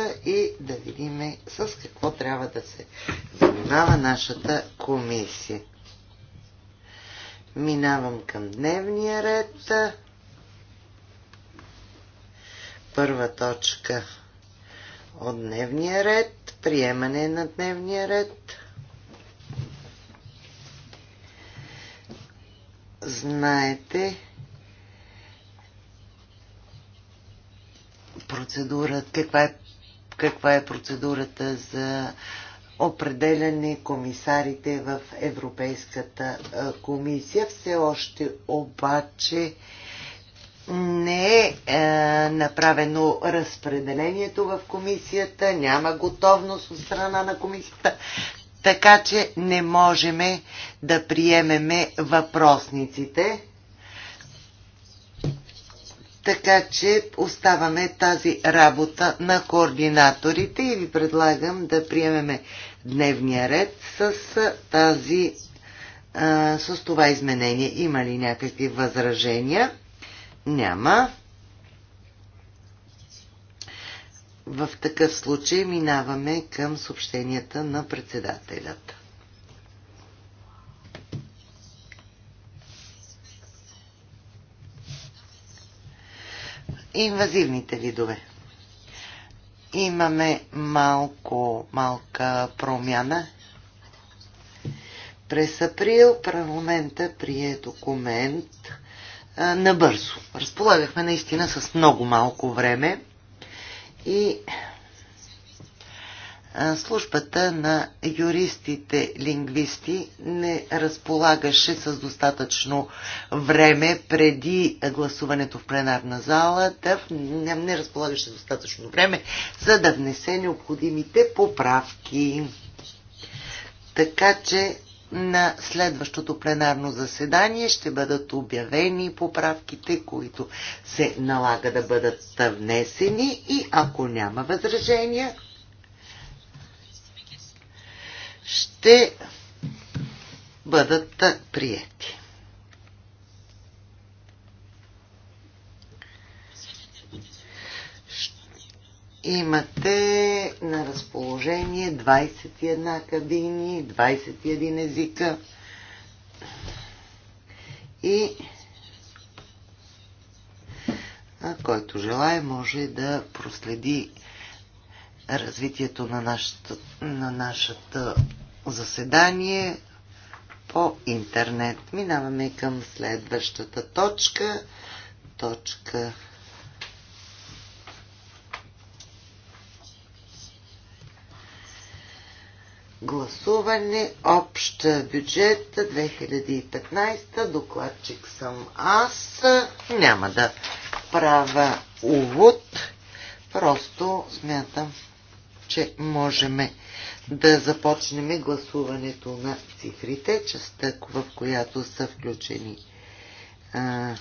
темата и да видим с какво трябва да се занимава нашата комисия. Минавам към дневния ред. Първа точка от дневния ред. Приемане на дневния ред. Знаете, Процедурата каква е каква е процедурата за определяне комисарите в Европейската комисия. Все още обаче не е, е направено разпределението в комисията, няма готовност от страна на комисията, така че не можем да приемеме въпросниците. Така че оставаме тази работа на координаторите и ви предлагам да приемеме дневния ред с тази а, с това изменение. Има ли някакви възражения? Няма. В такъв случай минаваме към съобщенията на председателят. инвазивните видове. Имаме малко, малка промяна. През април парламента прие документ а, набързо. Разполагахме наистина с много малко време и службата на юристите лингвисти не разполагаше с достатъчно време преди гласуването в пленарна зала, да не, не разполагаше достатъчно време, за да внесе необходимите поправки. Така че на следващото пленарно заседание ще бъдат обявени поправките, които се налага да бъдат внесени и ако няма възражения, ще бъдат приети. Имате на разположение 21 кабини, 21 езика и който желая може да проследи развитието на нашата, на нашата заседание по интернет. Минаваме към следващата точка. Точка гласуване, общ бюджет 2015, докладчик съм аз. Няма да правя увод, просто смятам, че можем да започнем гласуването на цифрите, частта в която са включени а,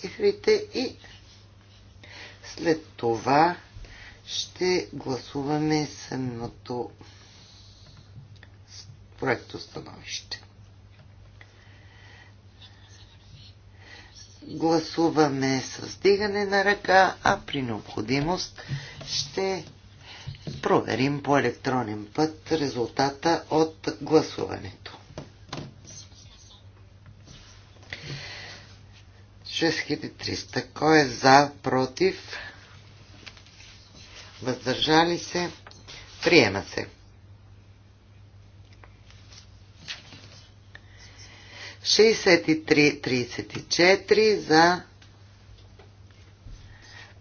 цифрите и след това ще гласуваме самото проекто становище. Гласуваме с дигане на ръка, а при необходимост ще проверим по електронен път резултата от гласуването. 6300. Кой е за, против? Въздържали се? Приема се. 63-34 за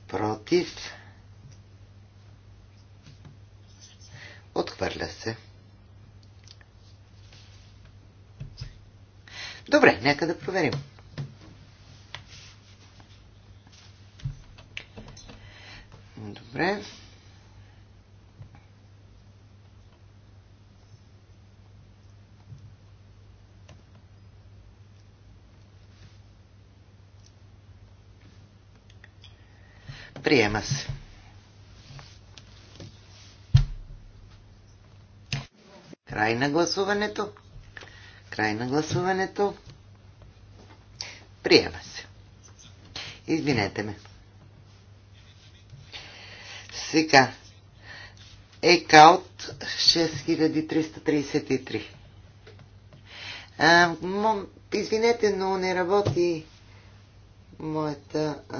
против Отхвърля се. Добре, нека да проверим. Добре. Приема се. Край на гласуването. Край на гласуването. Приема се. Извинете ме. Сега. Екаут 6333. А, мом, извинете, но не работи моята, а,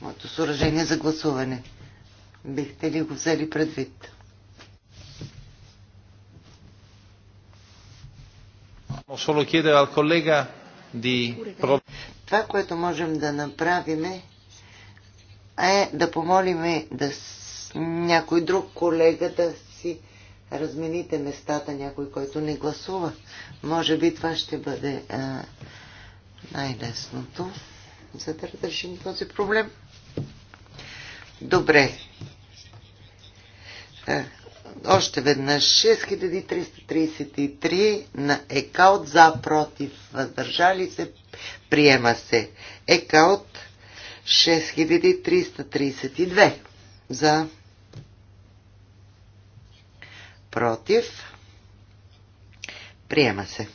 моето съоръжение за гласуване. Бихте ли го взели предвид? solo chiedere al collega di... Това, което можем да направим е да помолим да с... някой друг колега да си размените местата, някой, който не гласува. Може би това ще бъде най-лесното, за да разрешим този проблем. Добре. А, още веднъж 6333 на екаут за, против, въздържали се, приема се. екаут 6332 за, против, приема се.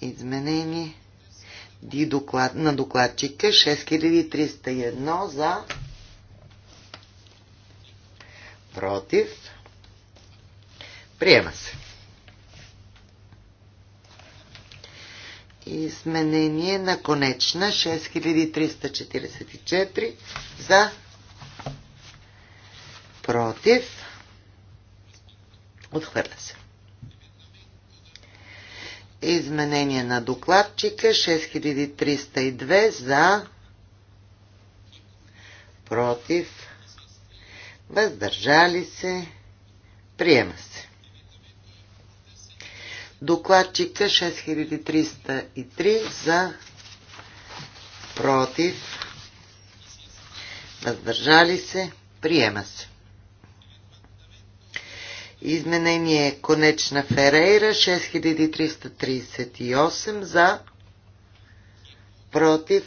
Изменение доклад, на докладчика 6301 за против приема се изменение на конечна 6344 за против отхвърля се Изменение на докладчика 6302 за против въздържали се приема се. Докладчика 6303 за против въздържали се приема се. Изменение Конечна Ферейра 6338 за против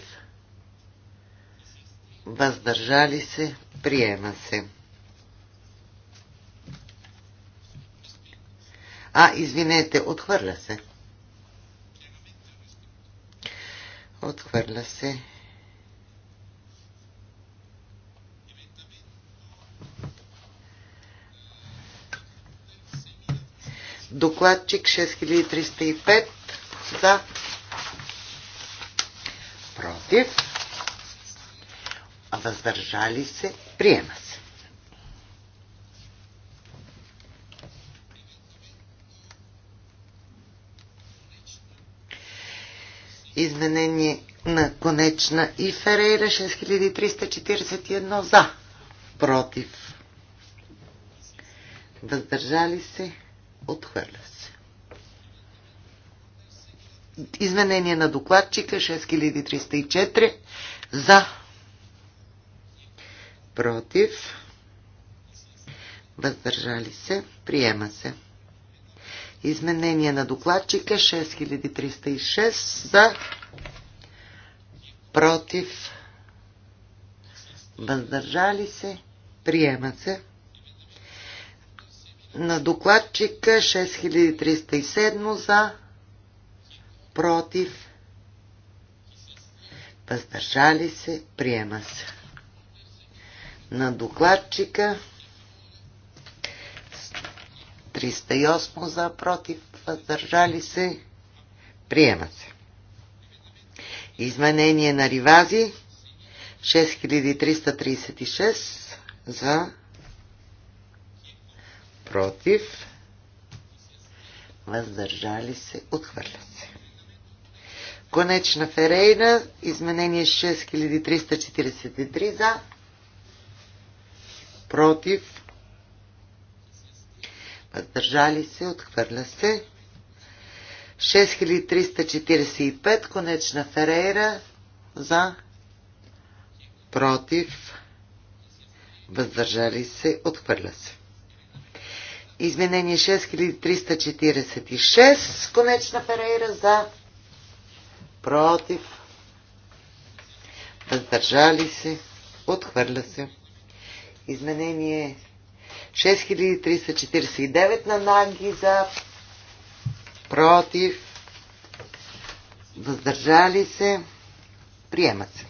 въздържали се приема се. А, извинете, отхвърля се. Отхвърля се. Докладчик 6305 за против въздържали се приема се. Изменение на Конечна и Ферейра 6341 за. Против. Въздържали се. Отхвърля се. Изменение на докладчика 6304 за против въздържали се, приема се. Изменение на докладчика 6306 за против въздържали се, приема се на докладчика 6307 за, против, въздържали се, приема се. На докладчика 308 за, против, въздържали се, приема се. Изменение на Ривази 6336 за против, въздържали се, отхвърля се. Конечна Ферейра, изменение 6343 за, против, въздържали се, отхвърля се. 6345, конечна Ферейра, за, против, въздържали се, отхвърля се. Изменение 6346. Конечна Ферейра за. Против. Въздържали се. Отхвърля се. Изменение 6349 на Наги за. Против. Въздържали се. Приемат се.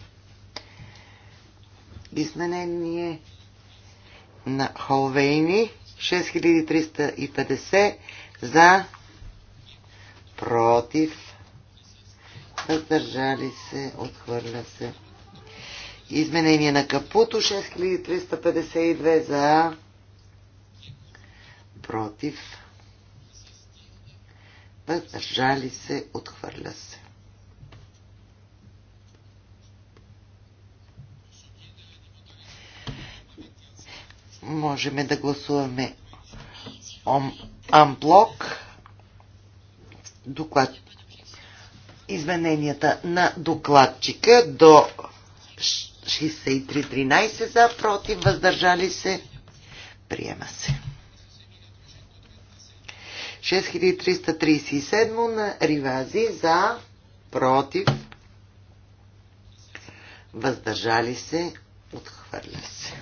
Изменение на Холвейни 6350 за, против, въздържали се, отхвърля се. Изменение на капуто 6352 за, против, въздържали се, отхвърля се. можем да гласуваме амблок доклад измененията на докладчика до 63.13 за, против, въздържали се, приема се. 6337 на Ривази за, против, въздържали се, отхвърля се.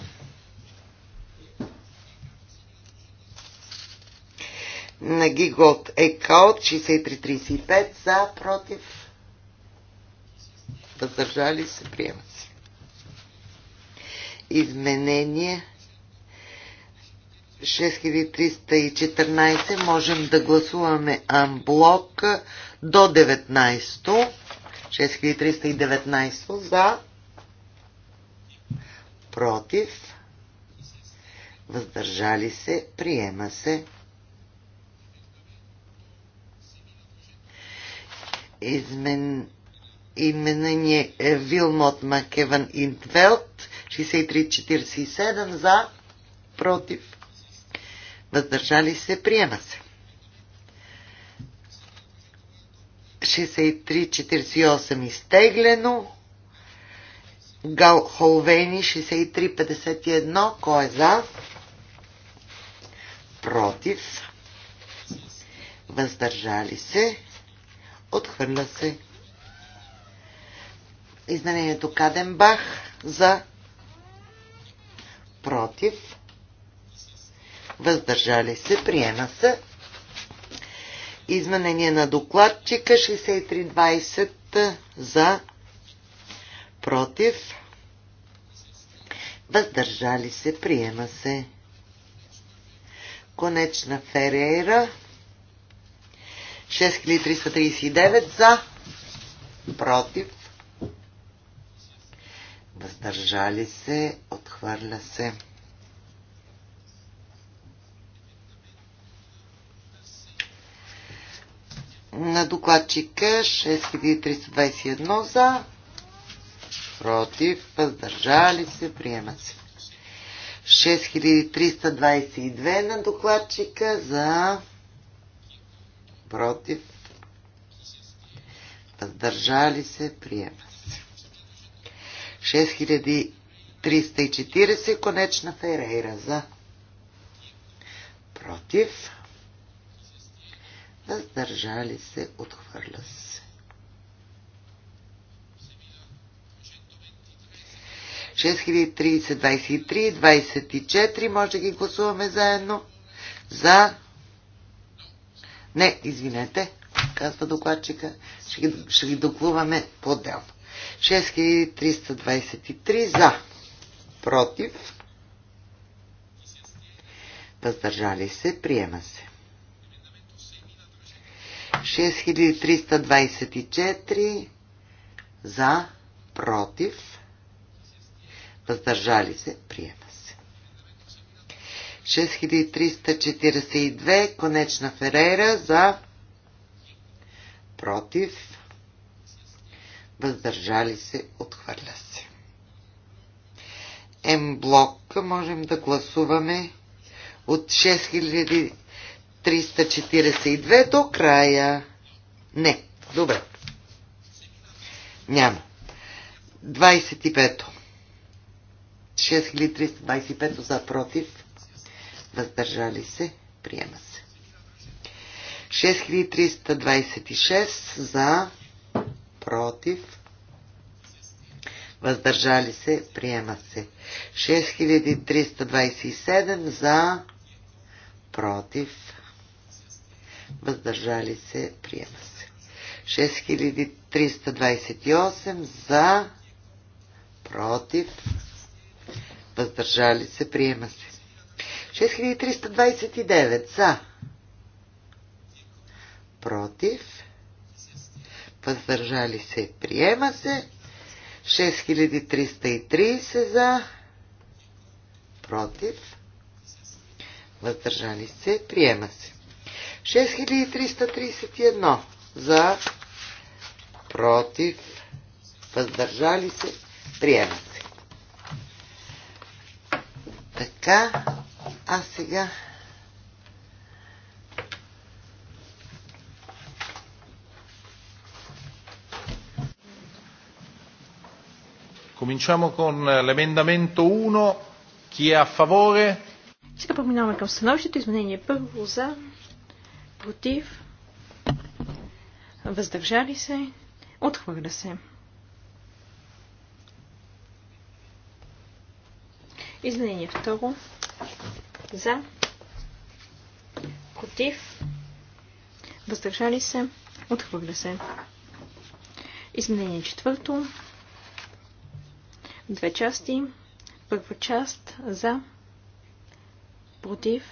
на Гиголт Екал 6335 за, против, въздържали се, приема се. Изменение 6314 можем да гласуваме амблок до 19 6319 за против въздържали се приема се измен, е Вилмот Макеван Интвелт 6347 за против въздържали се приема се 6348 изтеглено Гал Холвени 6351 кой е за против въздържали се Отхвърля се. Изменението Каденбах за против. Въздържали се. Приема се. Изменение на докладчика 6320 за против. Въздържали се. Приема се. Конечна Ферейра 6339 за, против, въздържали се, отхвърля се. На докладчика 6321 за, против, въздържали се, приема се. 6322 на докладчика за против, въздържали се, приема се. 6340 конечна Ферейра за против, въздържали се, отхвърля се. 6030-23-24 може да ги гласуваме заедно за не, извинете, казва докладчика, ще ги, ще ги доклуваме по-отделно. 6323 за, против, въздържали се, приема се. 6324 за, против, въздържали се, приема. 6342 Конечна Ферера за против въздържали се, отхвърля се. М блок можем да гласуваме от 6342 до края. Не, добре. Няма. 25-то. 6325 за против въздържали се, приема се. 6326 за, против, въздържали се, приема се. 6327 за, против, въздържали се, приема се. 6328 за, против, въздържали се, приема се. 6329 за. Против. Въздържали се. Приема се. 6330 за. Против. Въздържали се. Приема се. 6331 за. Против. Въздържали се. Приема се. Така. А сега Cominciamo con eh, l'emendamento 1. Chi è a favore? Сега преминаваме към становището. Изменение първо за, против, въздържали се, отхвърля се. Изменение второ за. Против. Въздържали се. Отхвърля се. Изменение четвърто. Две части. Първа част за. Против.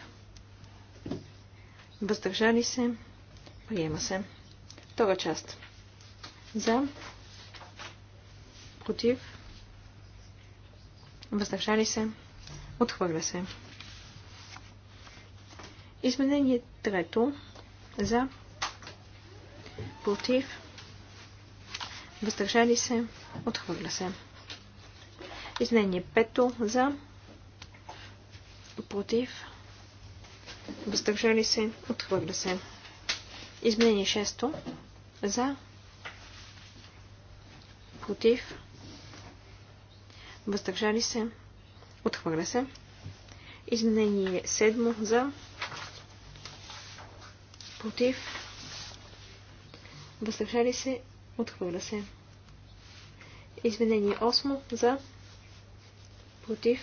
Въздържали се. Приема се. Втора част. За. Против. Въздържали се. Отхвърля се. Изменение трето за против въздържали се отхвърля се. Изменение пето за против въздържали се отхвърля се. Изменение шесто за против въздържали се отхвърля се. Изменение седмо за против против, въздържали се, отхвърля се. Извинение 8 за, против,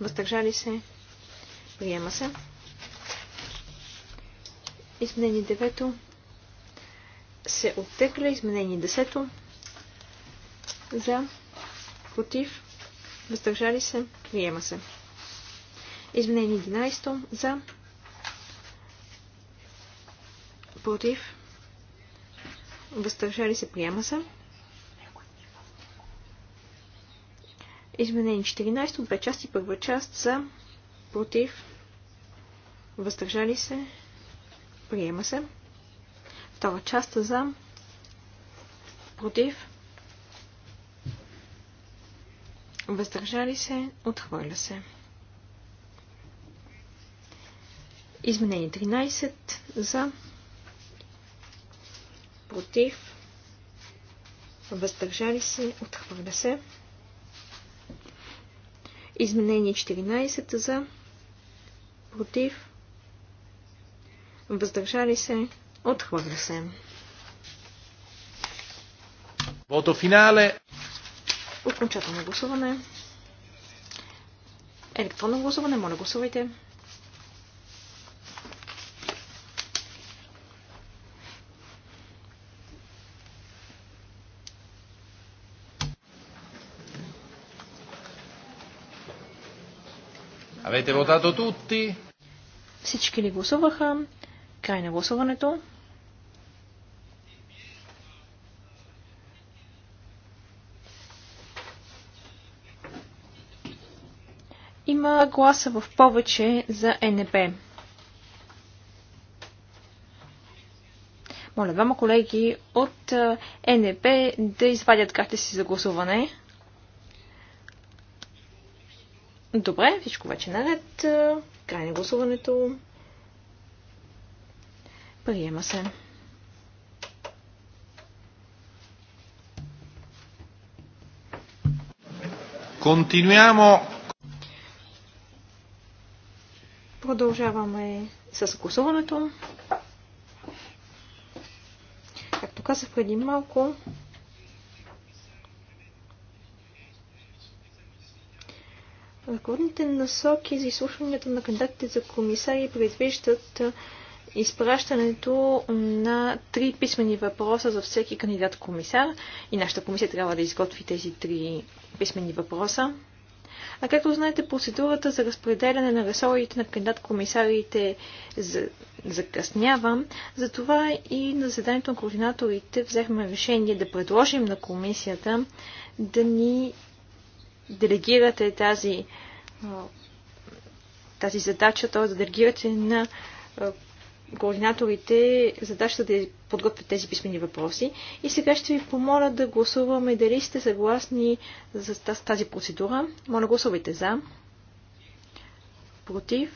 въздържали се, приема се. Изменение 9 се оттегля, изменение 10 за, против, въздържали се, приема се. Изменение 11 за, против, Възтържали се, приема се. Изменени 14 от две части. Първа част са против, въздържали се, приема се. Втора част за против, въздържали се, отхвърля се. Изменени 13 за против, въздържали се, отхвърля се. Изменение 14 за, против, въздържали се, отхвърля се. Вото финале. Окончателно гласуване. Електронно гласуване, моля гласувайте. Avete votato tutti? Всички ли гласуваха? Край на гласуването. Има гласа в повече за НП. Моля двама колеги от НП да извадят карта си за гласуване. Добре, всичко вече наред. Край на гласуването. Приема се. Continuiamo. Продължаваме с гласуването. Както казах преди малко, Ръководните насоки за изслушването на кандидатите за комисари предвиждат изпращането на три писмени въпроса за всеки кандидат-комисар и нашата комисия трябва да изготви тези три писмени въпроса. А както знаете, процедурата за разпределяне на ресорите на кандидат-комисарите закъснява. Затова и на заданието на координаторите взехме решение да предложим на комисията да ни делегирате тази, тази задача, т.е. да делегирате на координаторите задачата да подготвят тези писмени въпроси. И сега ще ви помоля да гласуваме дали сте съгласни за тази процедура. Моля, гласувайте за. Против.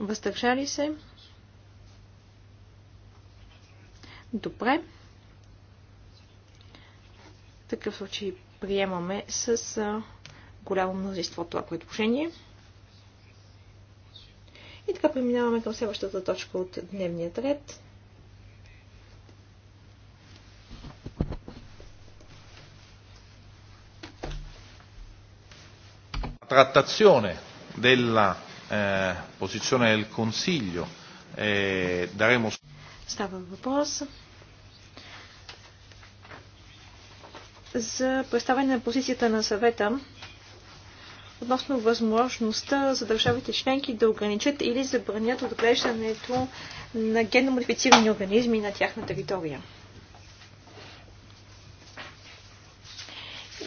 Въздържали се. Добре. В такъв случай приемаме с голямо мнозинство това предложение. И така преминаваме към следващата точка от дневният ред. trattazione della eh, posizione del Consiglio eh, daremo Става въпрос за представяне на позицията на съвета относно възможността за държавите членки да ограничат или забранят отглеждането на генномодифицирани организми на тяхна територия.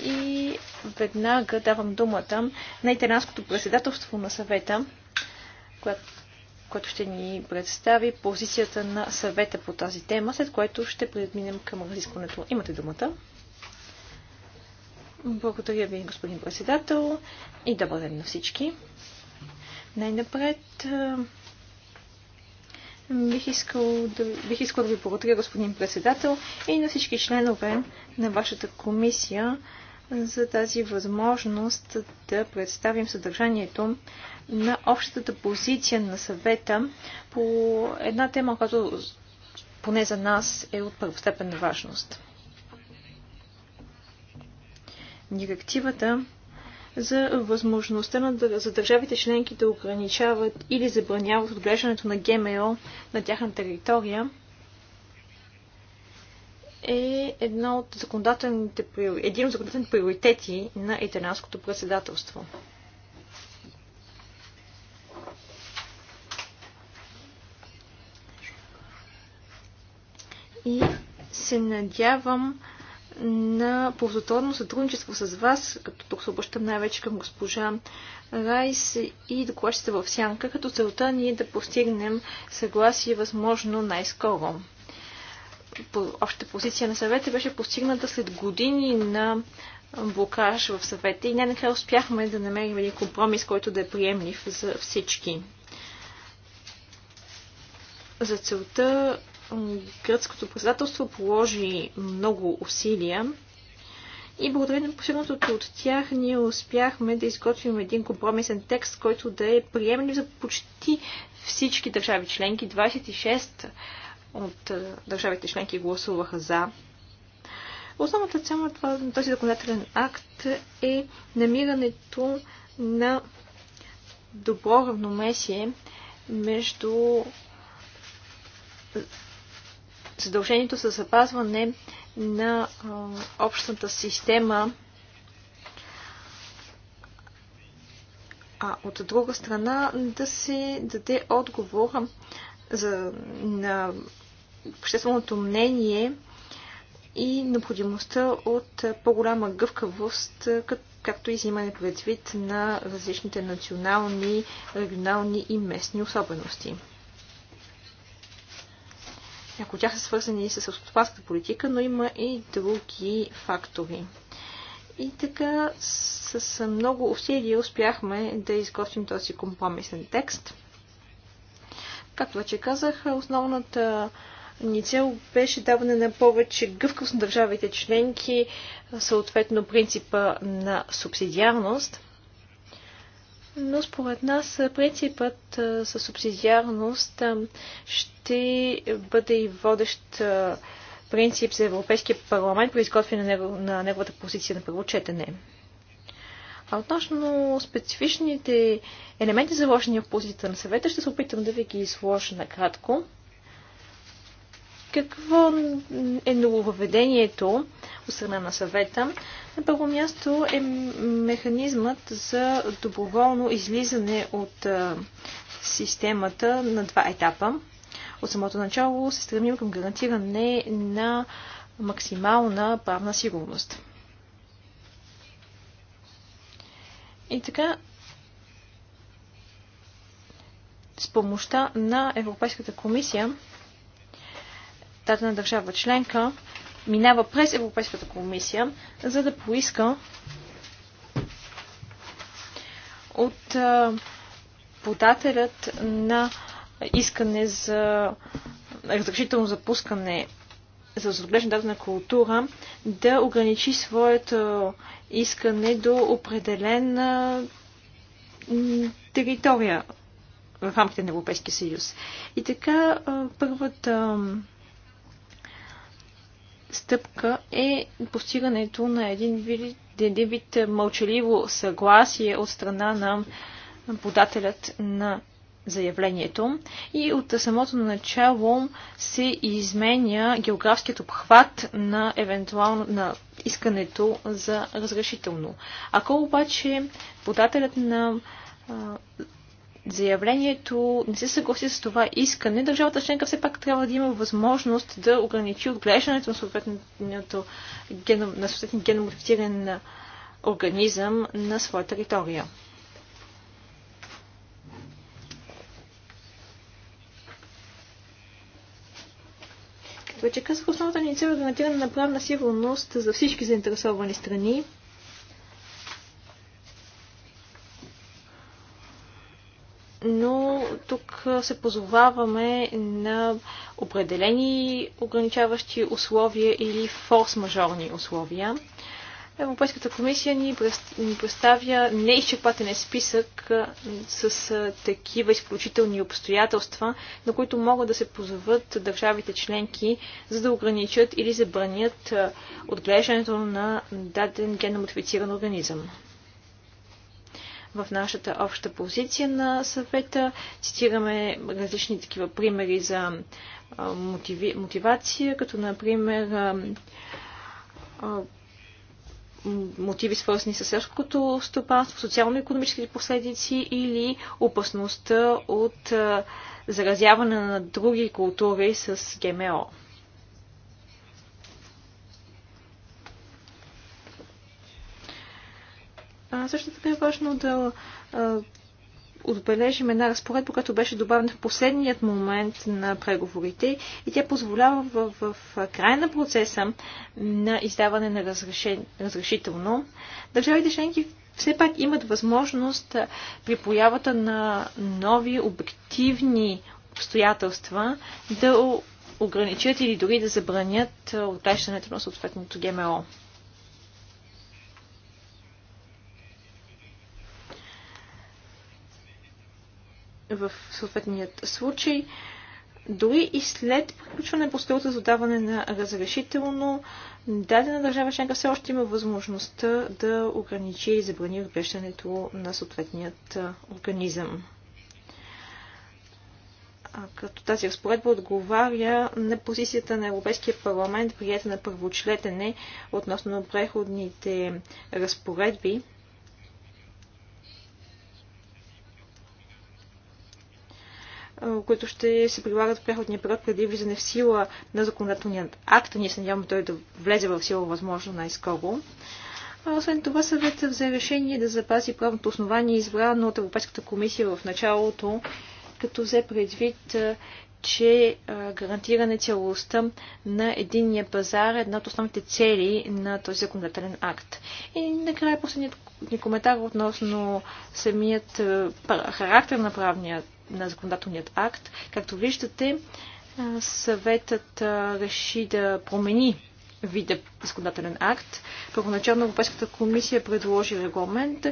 И веднага давам думата на италянското председателство на съвета, която който ще ни представи позицията на съвета по тази тема, след което ще преминем към разискването. Имате думата. Благодаря ви, господин председател, и добър ден на всички. Най-напред бих искал, да, бих искал да ви благодаря, господин председател, и на всички членове на вашата комисия за тази възможност да представим съдържанието на общата позиция на съвета по една тема, която поне за нас е от първостепенна важност. Директивата за възможността на, за държавите членки да ограничават или забраняват отглеждането на ГМО на тяхна територия – е едно от законодателните, един от законодателните приоритети на италианското председателство. И се надявам на ползотворно сътрудничество с вас, като тук се обръщам най-вече към госпожа Райс и докладчите в Сянка, като целта ни е да постигнем съгласие възможно най-скоро по общата позиция на съвета беше постигната след години на блокаж в съвета и най-накрая успяхме да намерим един компромис, който да е приемлив за всички. За целта гръцкото председателство положи много усилия и благодарение на постигнатото от тях ние успяхме да изготвим един компромисен текст, който да е приемлив за почти всички държави членки, 26 от е, държавите членки гласуваха за. Основната цел на този законодателен акт е намирането на добро равномесие между задължението за запазване на общата система, а от друга страна да се даде отговор за, на общественото мнение и необходимостта от по-голяма гъвкавост, както и взимане предвид на различните национални, регионални и местни особености. Някои от тях са свързани с селскостопанската политика, но има и други фактори. И така с много усилия успяхме да изготвим този компромисен текст. Както вече казах, основната ни цел беше даване на повече гъвкавост на държавите членки, съответно принципа на субсидиарност. Но според нас принципът със субсидиарност ще бъде и водещ принцип за Европейския парламент при изготвяне на неговата позиция на първо четене. А относно специфичните елементи, заложени в позицията на съвета, ще се опитам да ви ги изложа накратко. Какво е нововведението от страна на съвета? На първо място е механизмът за доброволно излизане от системата на два етапа. От самото начало се стремим към гарантиране на максимална правна сигурност. И така, с помощта на Европейската комисия дадена държава членка минава през Европейската комисия, за да поиска от подателят на искане за разрешително запускане за разглеждане дадена култура да ограничи своето искане до определена територия в рамките на Европейския съюз. И така първата стъпка е постигането на един вид, един вид мълчаливо съгласие от страна на подателят на заявлението и от самото начало се изменя географският обхват на, евентуално, на искането за разрешително. Ако обаче подателят на заявлението не се съгласи с това искане, държавата членка все пак трябва да има възможност да ограничи отглеждането на съответното геном, на съответен геномодифициран организъм на своя територия. Вече казах, основната ни цел е гарантиране на правна сигурност за всички заинтересовани страни, но тук се позоваваме на определени ограничаващи условия или форс-мажорни условия. Европейската комисия ни представя неизчерпателен списък с такива изключителни обстоятелства, на които могат да се позоват държавите членки, за да ограничат или забранят отглеждането на даден генно модифициран организъм в нашата обща позиция на съвета. Цитираме различни такива примери за мотиви, мотивация, като например мотиви свързани с селското стопанство, социално-економическите последици или опасността от заразяване на други култури с ГМО. А, също така е важно да а, отбележим една разпоредба, която беше добавена в последният момент на преговорите и тя позволява в, в, в края на процеса на издаване на разрешен, разрешително държавите членки все пак имат възможност при появата на нови обективни обстоятелства да ограничат или дори да забранят отглеждането на съответното ГМО. в съответният случай, дори и след приключване по процедурата за даване на разрешително, дадена държава членка все още има възможността да ограничи и забрани отглеждането на съответният организъм. А като тази разпоредба отговаря на позицията на Европейския парламент, прията на първочлетене относно преходните разпоредби които ще се прилагат в преходния период преди влизане в сила на законодателният акт. Ние се надяваме той да влезе в сила възможно най-скоро. Освен това, съветът взе решение да запази правното основание, избрано от Европейската комисия в началото, като взе предвид, че гарантиране целостта на единния пазар е една от основните цели на този законодателен акт. И накрая последният ни коментар относно самият характер на правния на законодателният акт. Както виждате, съветът реши да промени вида законодателен акт. Първоначално Европейската комисия предложи регламент,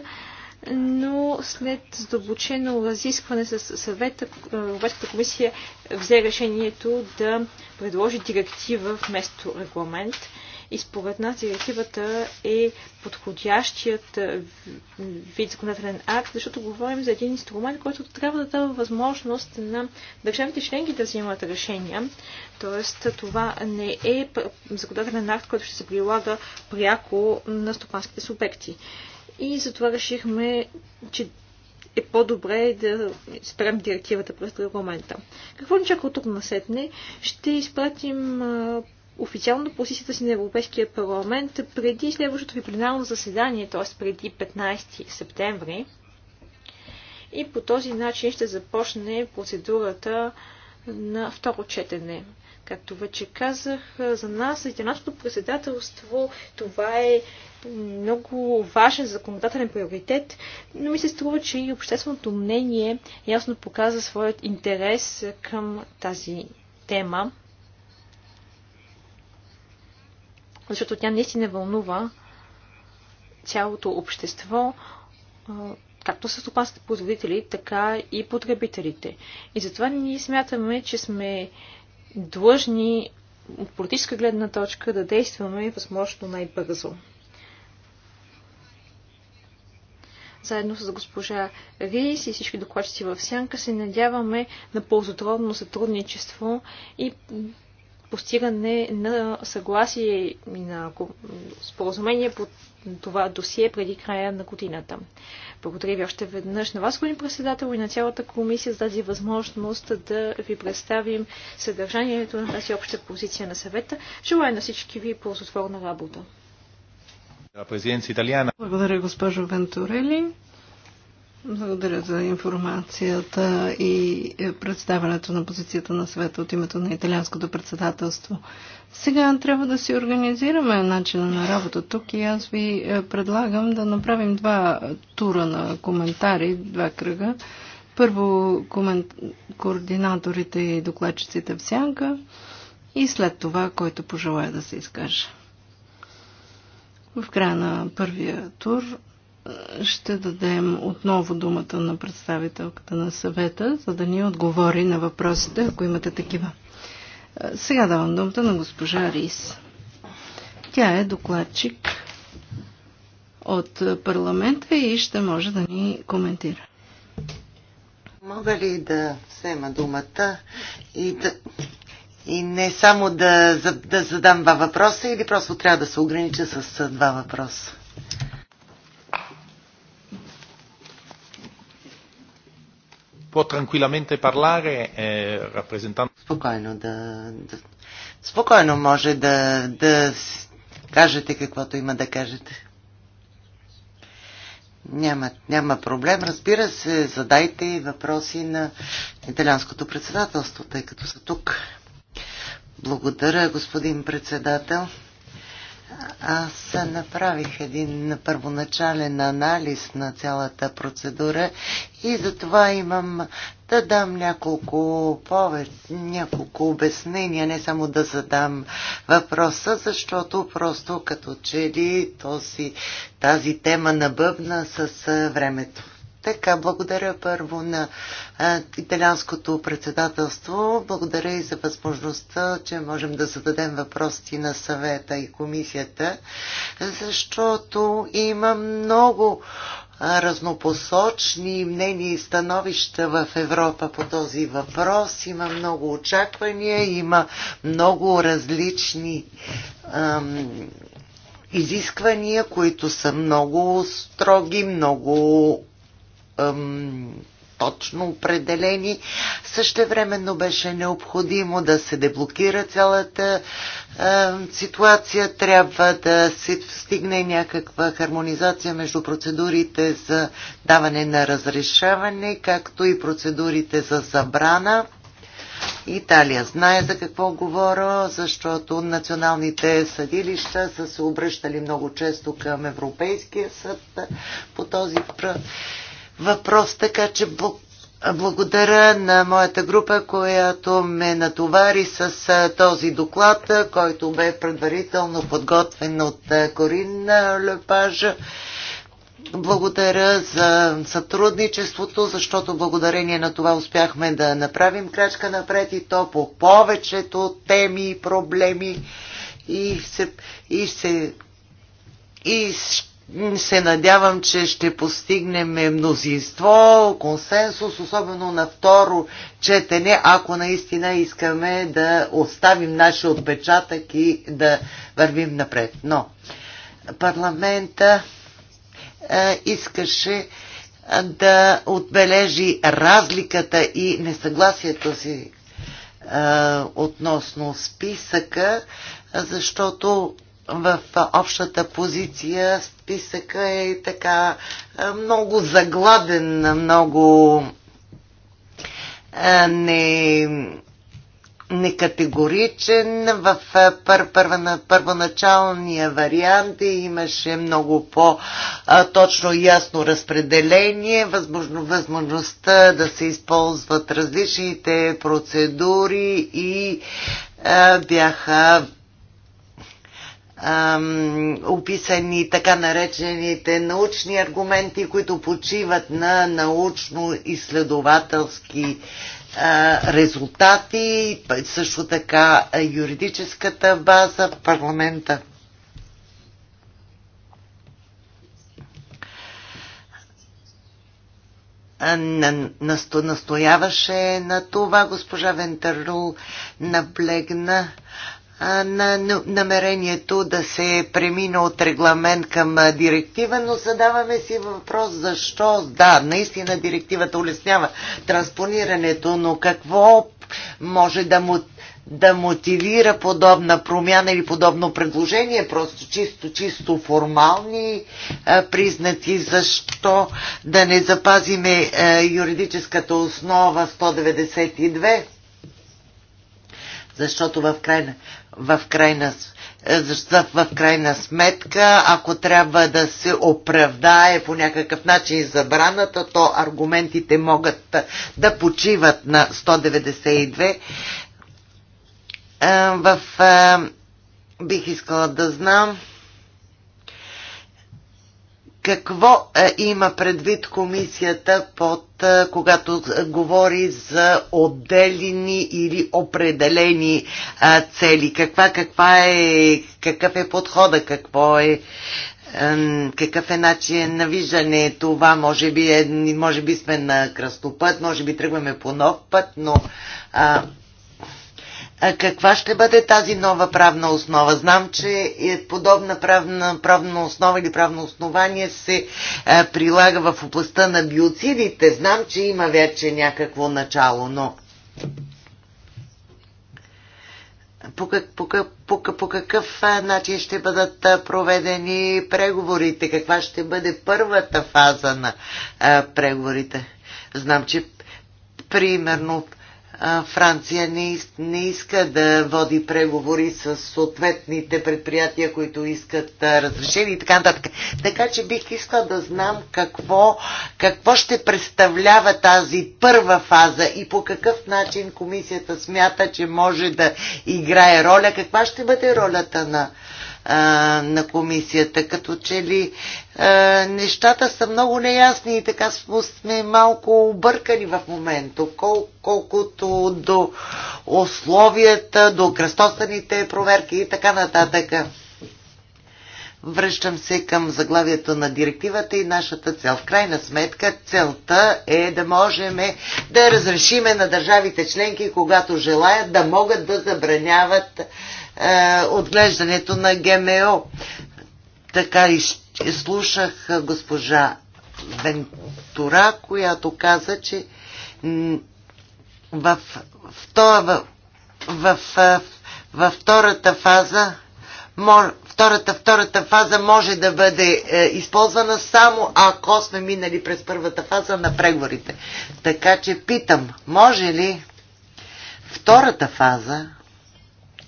но след задълбочено разискване с съвета, е, Европейската комисия взе решението да предложи директива вместо регламент. И според нас директивата е подходящият е, вид законодателен акт, защото говорим за един инструмент, който трябва да дава възможност на държавите членки да взимат решения. Тоест това не е законодателен акт, който ще се прилага пряко на стопанските субекти. И затова решихме, че е по-добре да спрем директивата през регламента. Какво ни чака от тук насетне? Ще изпратим официално позицията си на Европейския парламент преди следващото ви пленарно заседание, т.е. преди 15 септември. И по този начин ще започне процедурата на второ четене. Както вече казах, за нас, за италянското председателство, това е много важен законодателен приоритет, но ми се струва, че и общественото мнение ясно показа своят интерес към тази тема, защото тя наистина вълнува цялото общество, както с стопанските производители, така и потребителите. И затова ние смятаме, че сме длъжни от политическа гледна точка да действаме възможно най-бързо. заедно с госпожа Рис и всички докладчици в Сянка се надяваме на ползотворно сътрудничество и постигане на съгласие и на споразумение по това досие преди края на годината. Благодаря ви още веднъж на вас, господин председател, и на цялата комисия за тази възможност да ви представим съдържанието на тази обща позиция на съвета. Желая на всички ви ползотворна работа. Благодаря, госпожо Вентурели. Благодаря за информацията и представянето на позицията на света от името на италианското председателство. Сега трябва да си организираме начина на работа тук и аз ви е, предлагам да направим два тура на коментари, два кръга. Първо комен... координаторите и докладчиците в сянка и след това, който пожелая да се изкаже. В края на първия тур ще дадем отново думата на представителката на съвета, за да ни отговори на въпросите, ако имате такива. Сега давам думата на госпожа Рис. Тя е докладчик от парламента и ще може да ни коментира. Мога ли да взема думата и да и не само да, да задам два въпроса или просто трябва да се огранича с два въпроса? può tranquillamente parlare eh, rappresentando... Спокойно да, да... Спокойно може да, да кажете каквото има да кажете. Няма, няма проблем. Разбира се, задайте и въпроси на италианското председателство, тъй като са тук. Благодаря, господин председател. Аз направих един първоначален анализ на цялата процедура и затова имам да дам няколко повед, няколко обяснения, не само да задам въпроса, защото просто като че ли този, тази тема набъбна с времето. Така, благодаря първо на а, италианското председателство. Благодаря и за възможността, че можем да зададем въпроси на съвета и комисията, защото има много разнопосочни мнения и становища в Европа по този въпрос. Има много очаквания, има много различни ам, изисквания, които са много строги, много точно определени. Същевременно беше необходимо да се деблокира цялата ам, ситуация. Трябва да се стигне някаква хармонизация между процедурите за даване на разрешаване, както и процедурите за забрана. Италия знае за какво говоря, защото националните съдилища са се обръщали много често към Европейския съд по този въпрос, така че благодаря на моята група, която ме натовари с този доклад, който бе предварително подготвен от Корин Лепажа. Благодаря за сътрудничеството, защото благодарение на това успяхме да направим крачка напред и то по повечето теми и проблеми и се, и се и ще се надявам, че ще постигнем мнозинство, консенсус, особено на второ четене, ако наистина искаме да оставим нашия отпечатък и да вървим напред. Но парламента е, искаше е, да отбележи разликата и несъгласието си е, относно списъка, защото в общата позиция списъка е така е, много загладен, много е, не, некатегоричен. В е, пър, първа, първоначалния вариант имаше много по-точно и ясно разпределение, възможно, възможността да се използват различните процедури и а, бяха описани така наречените научни аргументи, които почиват на научно-изследователски резултати, също така юридическата база в парламента. Насто, настояваше на това госпожа Вентерлу наблегна на намерението да се премина от регламент към директива, но задаваме си въпрос защо. Да, наистина директивата улеснява транспонирането, но какво може да му да мотивира подобна промяна или подобно предложение, просто чисто, чисто формални а, признати, защо да не запазиме а, юридическата основа 192, защото в крайна, в крайна, е, в крайна сметка, ако трябва да се оправдае по някакъв начин забраната, то аргументите могат да почиват на 192. Е, в, е, бих искала да знам какво а, е, има предвид комисията под, а, е, когато а, е, говори за отделени или определени а, цели? Каква, каква е, какъв е подхода? Какво е, а, какъв е начин на виждане това? Може би, е, може би сме на кръстопът, може би тръгваме по нов път, но а, каква ще бъде тази нова правна основа? Знам, че е подобна правна, правна основа или правно основание се а, прилага в областта на биоцидите. Знам, че има вече някакво начало, но по, как, по, по, по какъв начин ще бъдат проведени преговорите? Каква ще бъде първата фаза на а, преговорите? Знам, че примерно Франция не, не иска да води преговори с съответните предприятия, които искат разрешение и така нататък. Така че бих искал да знам какво, какво ще представлява тази първа фаза и по какъв начин комисията смята, че може да играе роля, каква ще бъде ролята на на комисията. Като че ли нещата са много неясни и така сме малко объркани в момента. Кол, колкото до условията, до кръстосаните проверки и така нататък. Връщам се към заглавието на директивата и нашата цел. В крайна сметка целта е да можем да разрешиме на държавите членки, когато желаят, да могат да забраняват е, отглеждането на ГМО. Така и слушах е, госпожа Вентура, която каза, че в, в, в, е, в, във втората фаза втората, втората фаза може да бъде е, използвана само ако сме минали през първата фаза на преговорите. Така че питам, може ли втората фаза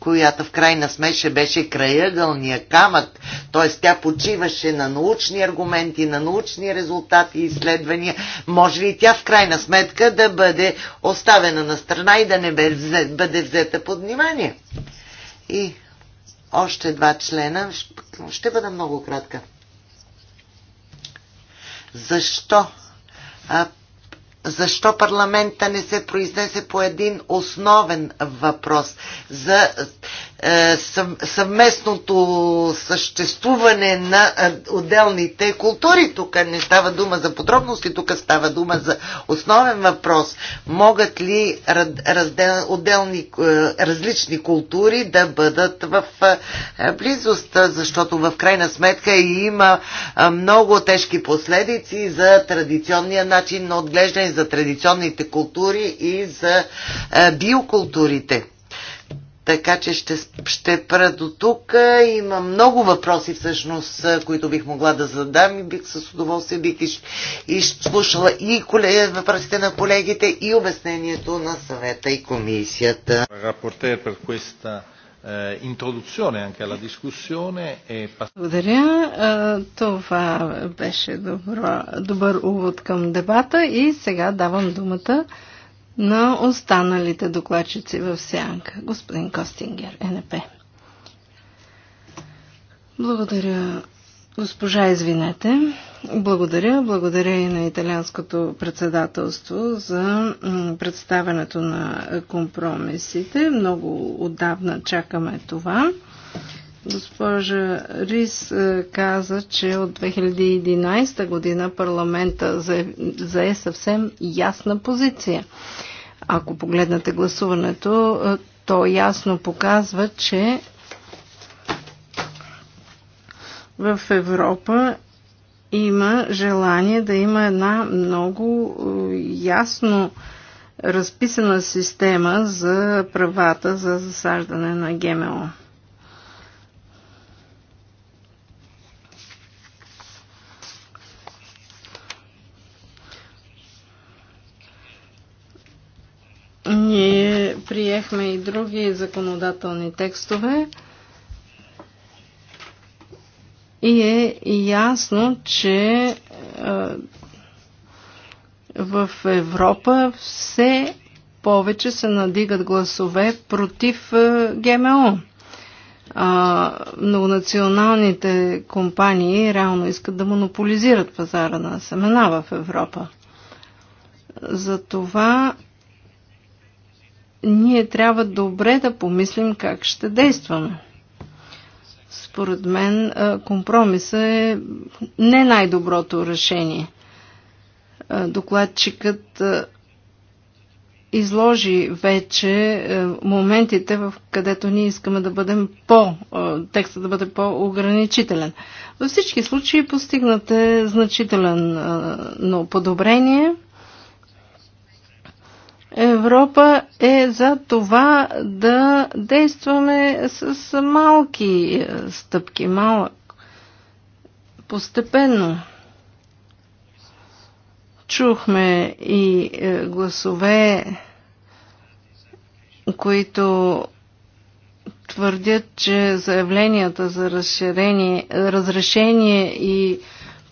която в крайна смеше беше краягълния камък, т.е. тя почиваше на научни аргументи, на научни резултати и изследвания, може ли тя в крайна сметка да бъде оставена на страна и да не бъде взета под внимание? И още два члена. Ще бъда много кратка. Защо? защо парламента не се произнесе по един основен въпрос за е, съвместното съществуване на е, отделните култури. Тук не става дума за подробности, тук става дума за основен въпрос. Могат ли раздел, отделни, е, различни култури да бъдат в близост, защото в крайна сметка има много тежки последици за традиционния начин на отглеждане, за традиционните култури и за биокултурите. Така че ще, ще пра до тук. Има много въпроси всъщност, които бих могла да задам и бих с удоволствие бих и, и, и коле, въпросите на колегите и обяснението на съвета и комисията. Е, е е, Благодаря. Това беше добро, добър увод към дебата и сега давам думата на останалите докладчици в Сянка. Господин Костингер, НП. Благодаря, госпожа, извинете. Благодаря. Благодаря и на италианското председателство за представенето на компромисите. Много отдавна чакаме това. Госпожа Рис е, каза, че от 2011 година парламента зае съвсем ясна позиция. Ако погледнете гласуването, е, то ясно показва, че в Европа има желание да има една много е, ясно разписана система за правата за засаждане на ГМО. приехме и други законодателни текстове. И е ясно, че в Европа все повече се надигат гласове против ГМО. А, многонационалните компании реално искат да монополизират пазара на семена в Европа. Затова ние трябва добре да помислим как ще действаме. Според мен компромиса е не най-доброто решение. Докладчикът изложи вече моментите, в където ние искаме да бъдем по, текста да бъде по-ограничителен. Във всички случаи постигнате значителен подобрение. Европа е за това да действаме с малки е, стъпки, малък, постепенно. Чухме и е, гласове, които твърдят, че заявленията за разрешение, разрешение и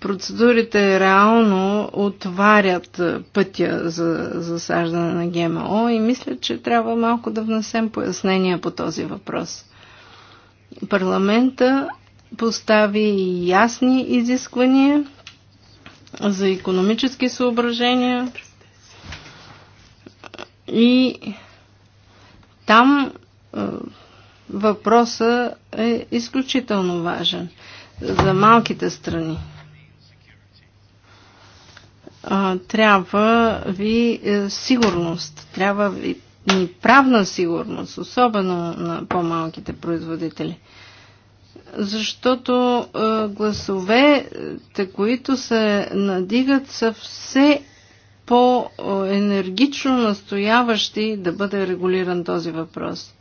процедурите реално отварят е, пътя за засаждане на ГМО и мисля, че трябва малко да внесем пояснения по този въпрос. Парламента постави ясни изисквания за економически съображения и там е, въпросът е изключително важен за малките страни трябва ви е, сигурност, трябва ви ни правна сигурност, особено на по-малките производители. Защото е, гласовете, които се надигат, са все по-енергично настояващи да бъде регулиран този въпрос.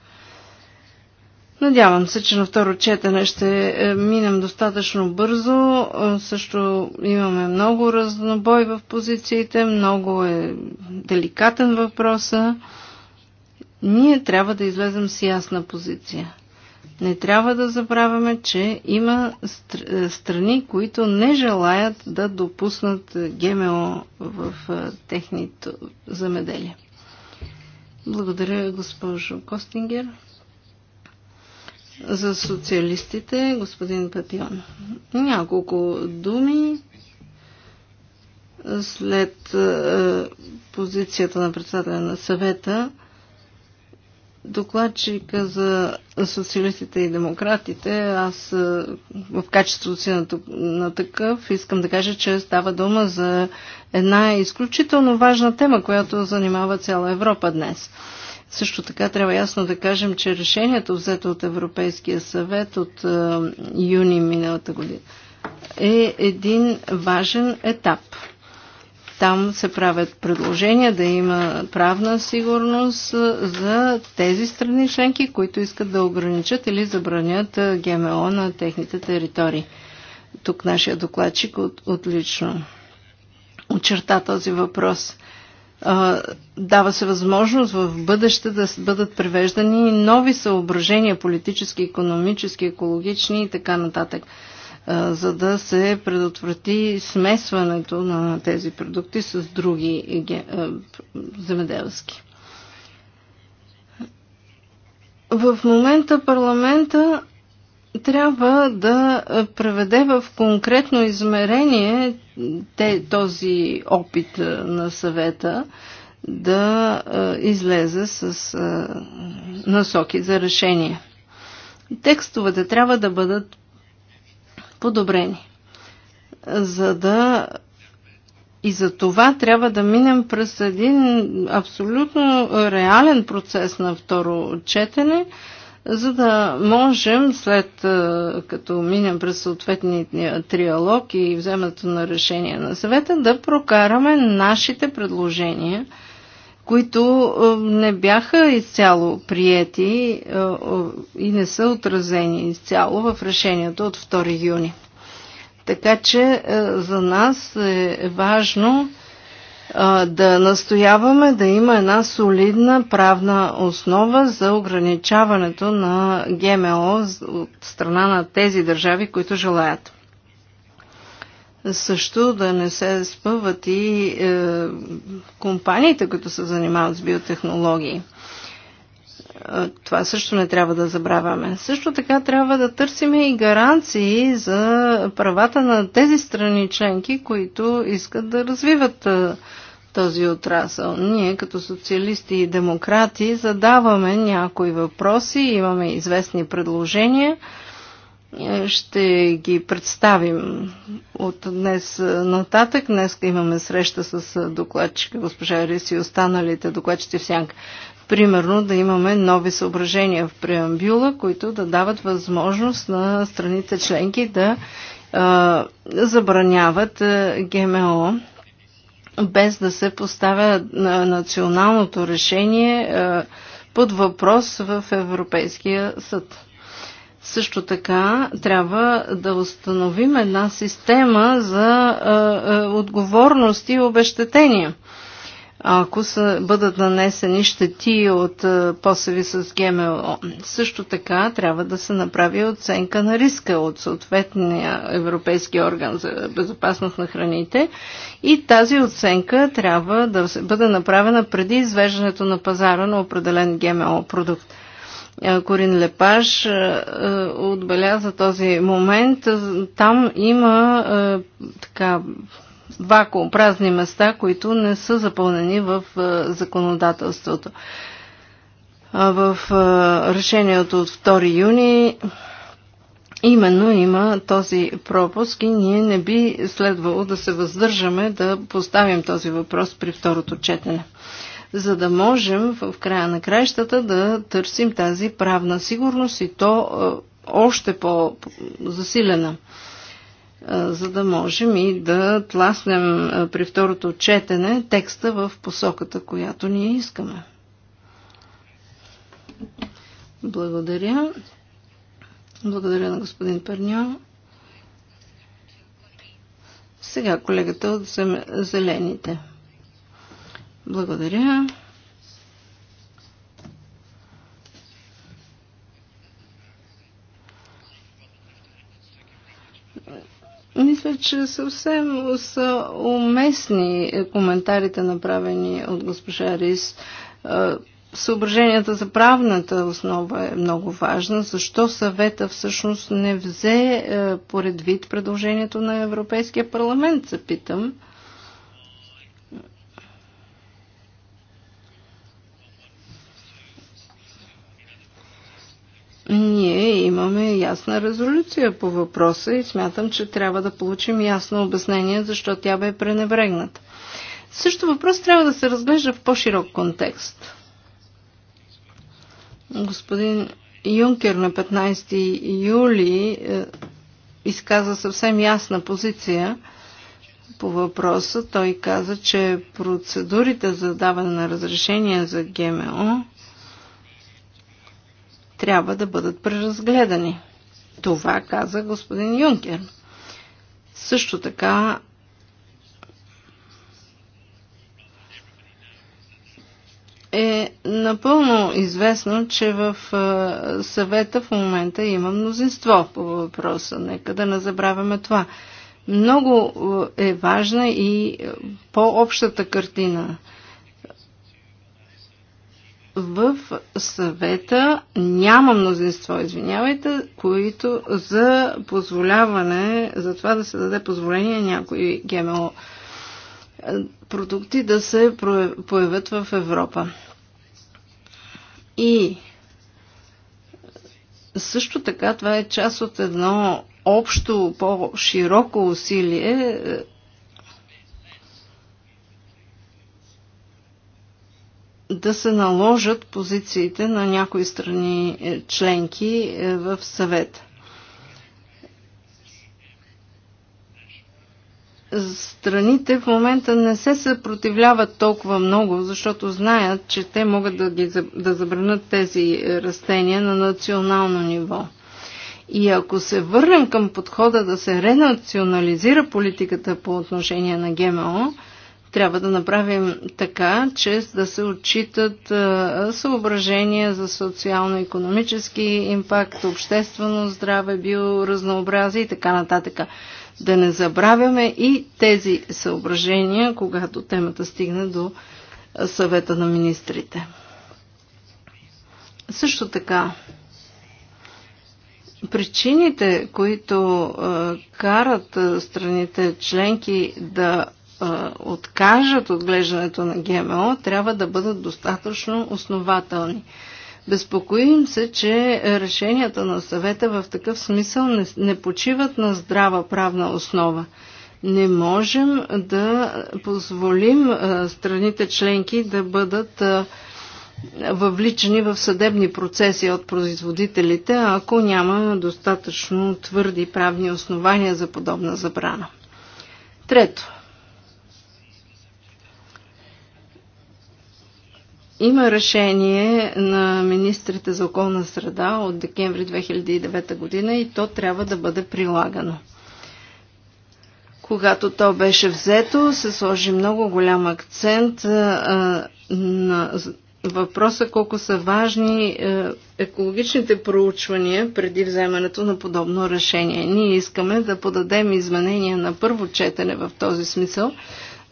Надявам се, че на второ четене ще е, минем достатъчно бързо. Е, също имаме много разнобой в позициите, много е деликатен въпроса. Ние трябва да излезем с ясна позиция. Не трябва да забравяме, че има е, страни, които не желаят да допуснат ГМО в техните замеделия. Благодаря, госпожо Костингер. За социалистите, господин Патион. Няколко думи след е, позицията на председателя на съвета докладчика за социалистите и демократите, аз е, в качеството си на, на такъв искам да кажа, че става дума за една изключително важна тема, която занимава цяла Европа днес. Също така трябва ясно да кажем, че решението взето от Европейския съвет от юни миналата година е един важен етап. Там се правят предложения да има правна сигурност за тези страни членки, които искат да ограничат или забранят ГМО на техните територии. Тук нашия докладчик отлично очерта този въпрос – дава се възможност в бъдеще да бъдат превеждани нови съображения, политически, економически, екологични и така нататък, за да се предотврати смесването на тези продукти с други земеделски. В момента парламента трябва да преведе в конкретно измерение те, този опит на съвета да излезе с насоки за решение. Текстовете трябва да бъдат подобрени, за да и за това трябва да минем през един абсолютно реален процес на второ четене, за да можем, след е, като минем през съответния триалог и вземането на решение на съвета, да прокараме нашите предложения, които е, не бяха изцяло приети е, и не са отразени изцяло в решението от 2 юни. Така че за нас е важно да настояваме да има една солидна правна основа за ограничаването на ГМО от страна на тези държави, които желаят. Също да не се спъват и е, компаниите, които се занимават с биотехнологии. Това също не трябва да забравяме. Също така трябва да търсим и гаранции за правата на тези страни членки, които искат да развиват този отрасъл. Ние като социалисти и демократи задаваме някои въпроси, имаме известни предложения. Е, ще ги представим от днес нататък. Днес имаме среща с докладчика госпожа Риси, и останалите докладчици в Сянка. Примерно да имаме нови съображения в преамбюла, които да дават възможност на страните членки да а, забраняват а, ГМО без да се поставя на националното решение а, под въпрос в Европейския съд. Също така трябва да установим една система за а, а, отговорност и обещетения ако са, бъдат нанесени щети от е, посеви с ГМО. Също така трябва да се направи оценка на риска от съответния Европейски орган за безопасност на храните и тази оценка трябва да бъде направена преди извеждането на пазара на определен ГМО продукт. Е, Корин Лепаш е, отбеляза този момент. Там има така вакуум, празни места, които не са запълнени в е, законодателството. В е, решението от 2 юни Именно има този пропуск и ние не би следвало да се въздържаме да поставим този въпрос при второто четене, за да можем в края на краищата да търсим тази правна сигурност и то е, още по-засилена за да можем и да тласнем при второто четене текста в посоката, която ние искаме. Благодаря. Благодаря на господин Перньо. Сега колегата от Зелените. Благодаря. Мисля, че съвсем са уместни коментарите, направени от госпожа Рис. Е, съображенията за правната основа е много важна. Защо съвета всъщност не взе е, поред вид предложението на Европейския парламент, запитам. питам. Ние имаме ясна резолюция по въпроса и смятам, че трябва да получим ясно обяснение, защо тя бе пренебрегната. Също въпрос трябва да се разглежда в по-широк контекст. Господин Юнкер на 15 юли е, изказа съвсем ясна позиция по въпроса. Той каза, че процедурите за даване на разрешение за ГМО трябва да бъдат преразгледани. Това каза господин Юнкер. Също така е напълно известно, че в съвета в момента има мнозинство по въпроса. Нека да не забравяме това. Много е важна и по-общата картина в съвета няма мнозинство, извинявайте, които за позволяване, за това да се даде позволение някои ГМО продукти да се появят в Европа. И също така това е част от едно общо по-широко усилие да се наложат позициите на някои страни е, членки е, в съвета. Страните в момента не се съпротивляват толкова много, защото знаят, че те могат да, ги, да забранят тези е, растения на национално ниво. И ако се върнем към подхода да се ренационализира политиката по отношение на ГМО, трябва да направим така, че да се отчитат съображения за социално-економически импакт, обществено здраве, биоразнообразие и така нататък. Да не забравяме и тези съображения, когато темата стигне до съвета на министрите. Също така, причините, които карат страните членки да откажат отглеждането на ГМО, трябва да бъдат достатъчно основателни. Безпокоим се, че решенията на съвета в такъв смисъл не, не почиват на здрава правна основа. Не можем да позволим страните членки да бъдат въвличани в съдебни процеси от производителите, ако няма достатъчно твърди правни основания за подобна забрана. Трето, Има решение на министрите за околна среда от декември 2009 година и то трябва да бъде прилагано. Когато то беше взето, се сложи много голям акцент на въпроса колко са важни екологичните проучвания преди вземането на подобно решение. Ние искаме да подадем изменения на първо четене в този смисъл,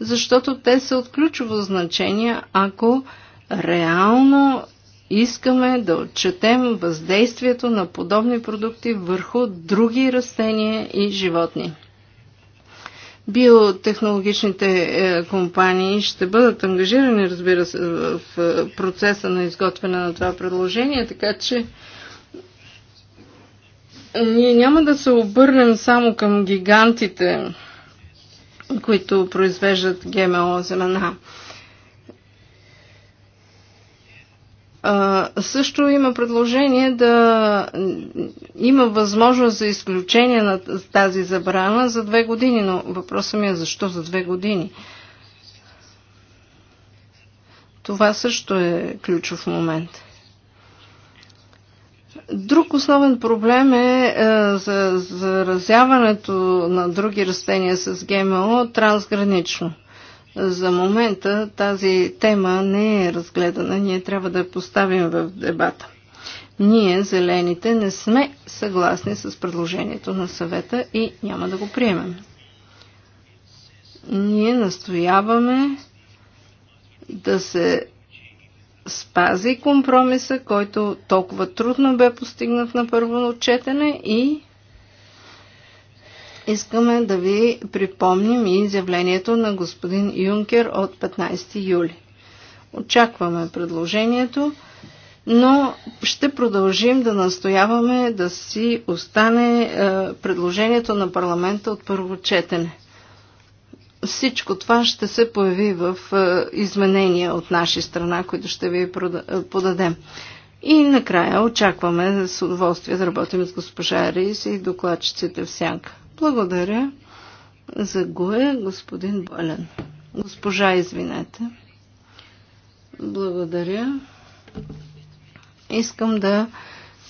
защото те са от ключово значение, ако реално искаме да отчетем въздействието на подобни продукти върху други растения и животни. Биотехнологичните е, компании ще бъдат ангажирани, разбира се, в процеса на изготвяне на това предложение, така че ние няма да се обърнем само към гигантите, които произвеждат ГМО земена. А, също има предложение да има възможност за изключение на тази забрана за две години, но въпросът ми е защо за две години. Това също е ключов момент. Друг основен проблем е, е за заразяването на други растения с ГМО трансгранично. За момента тази тема не е разгледана. Ние трябва да я поставим в дебата. Ние, зелените, не сме съгласни с предложението на съвета и няма да го приемем. Ние настояваме да се спази компромиса, който толкова трудно бе постигнат на първо отчетене и искаме да ви припомним и изявлението на господин Юнкер от 15 юли. Очакваме предложението, но ще продължим да настояваме да си остане е, предложението на парламента от първо четене. Всичко това ще се появи в е, изменения от наша страна, които ще ви е, подадем. И накрая очакваме с удоволствие да работим с госпожа Рис и докладчиците в сянка. Благодаря за Гуе, господин Болен. Госпожа, извинете. Благодаря. Искам да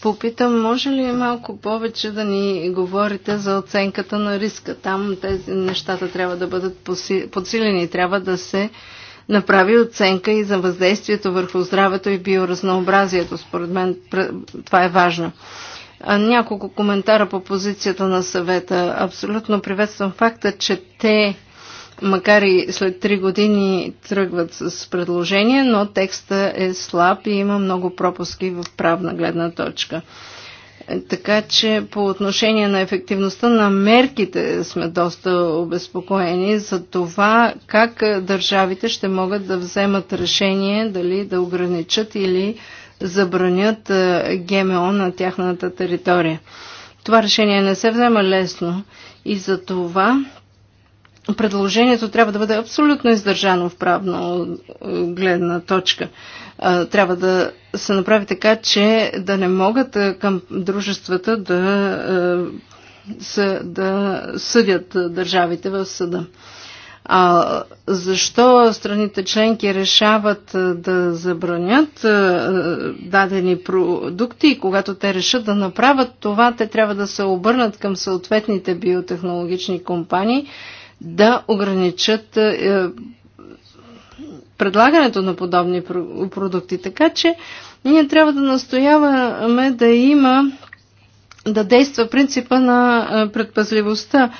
попитам, може ли малко повече да ни говорите за оценката на риска? Там тези нещата трябва да бъдат подсилени, трябва да се направи оценка и за въздействието върху здравето и биоразнообразието. Според мен това е важно. Няколко коментара по позицията на съвета. Абсолютно приветствам факта, че те макар и след три години тръгват с предложение, но текста е слаб и има много пропуски в правна гледна точка. Е, така че по отношение на ефективността на мерките сме доста обезпокоени за това как държавите ще могат да вземат решение дали да ограничат или забранят е, ГМО на тяхната територия. Това решение не се взема лесно и за това предложението трябва да бъде абсолютно издържано в правно е, гледна точка. Е, трябва да се направи така, че да не могат към дружествата да, да съдят държавите в съда. А защо страните членки решават да забранят дадени продукти и когато те решат да направят това, те трябва да се обърнат към съответните биотехнологични компании да ограничат предлагането на подобни продукти. Така че ние трябва да настояваме да има да действа принципа на предпазливостта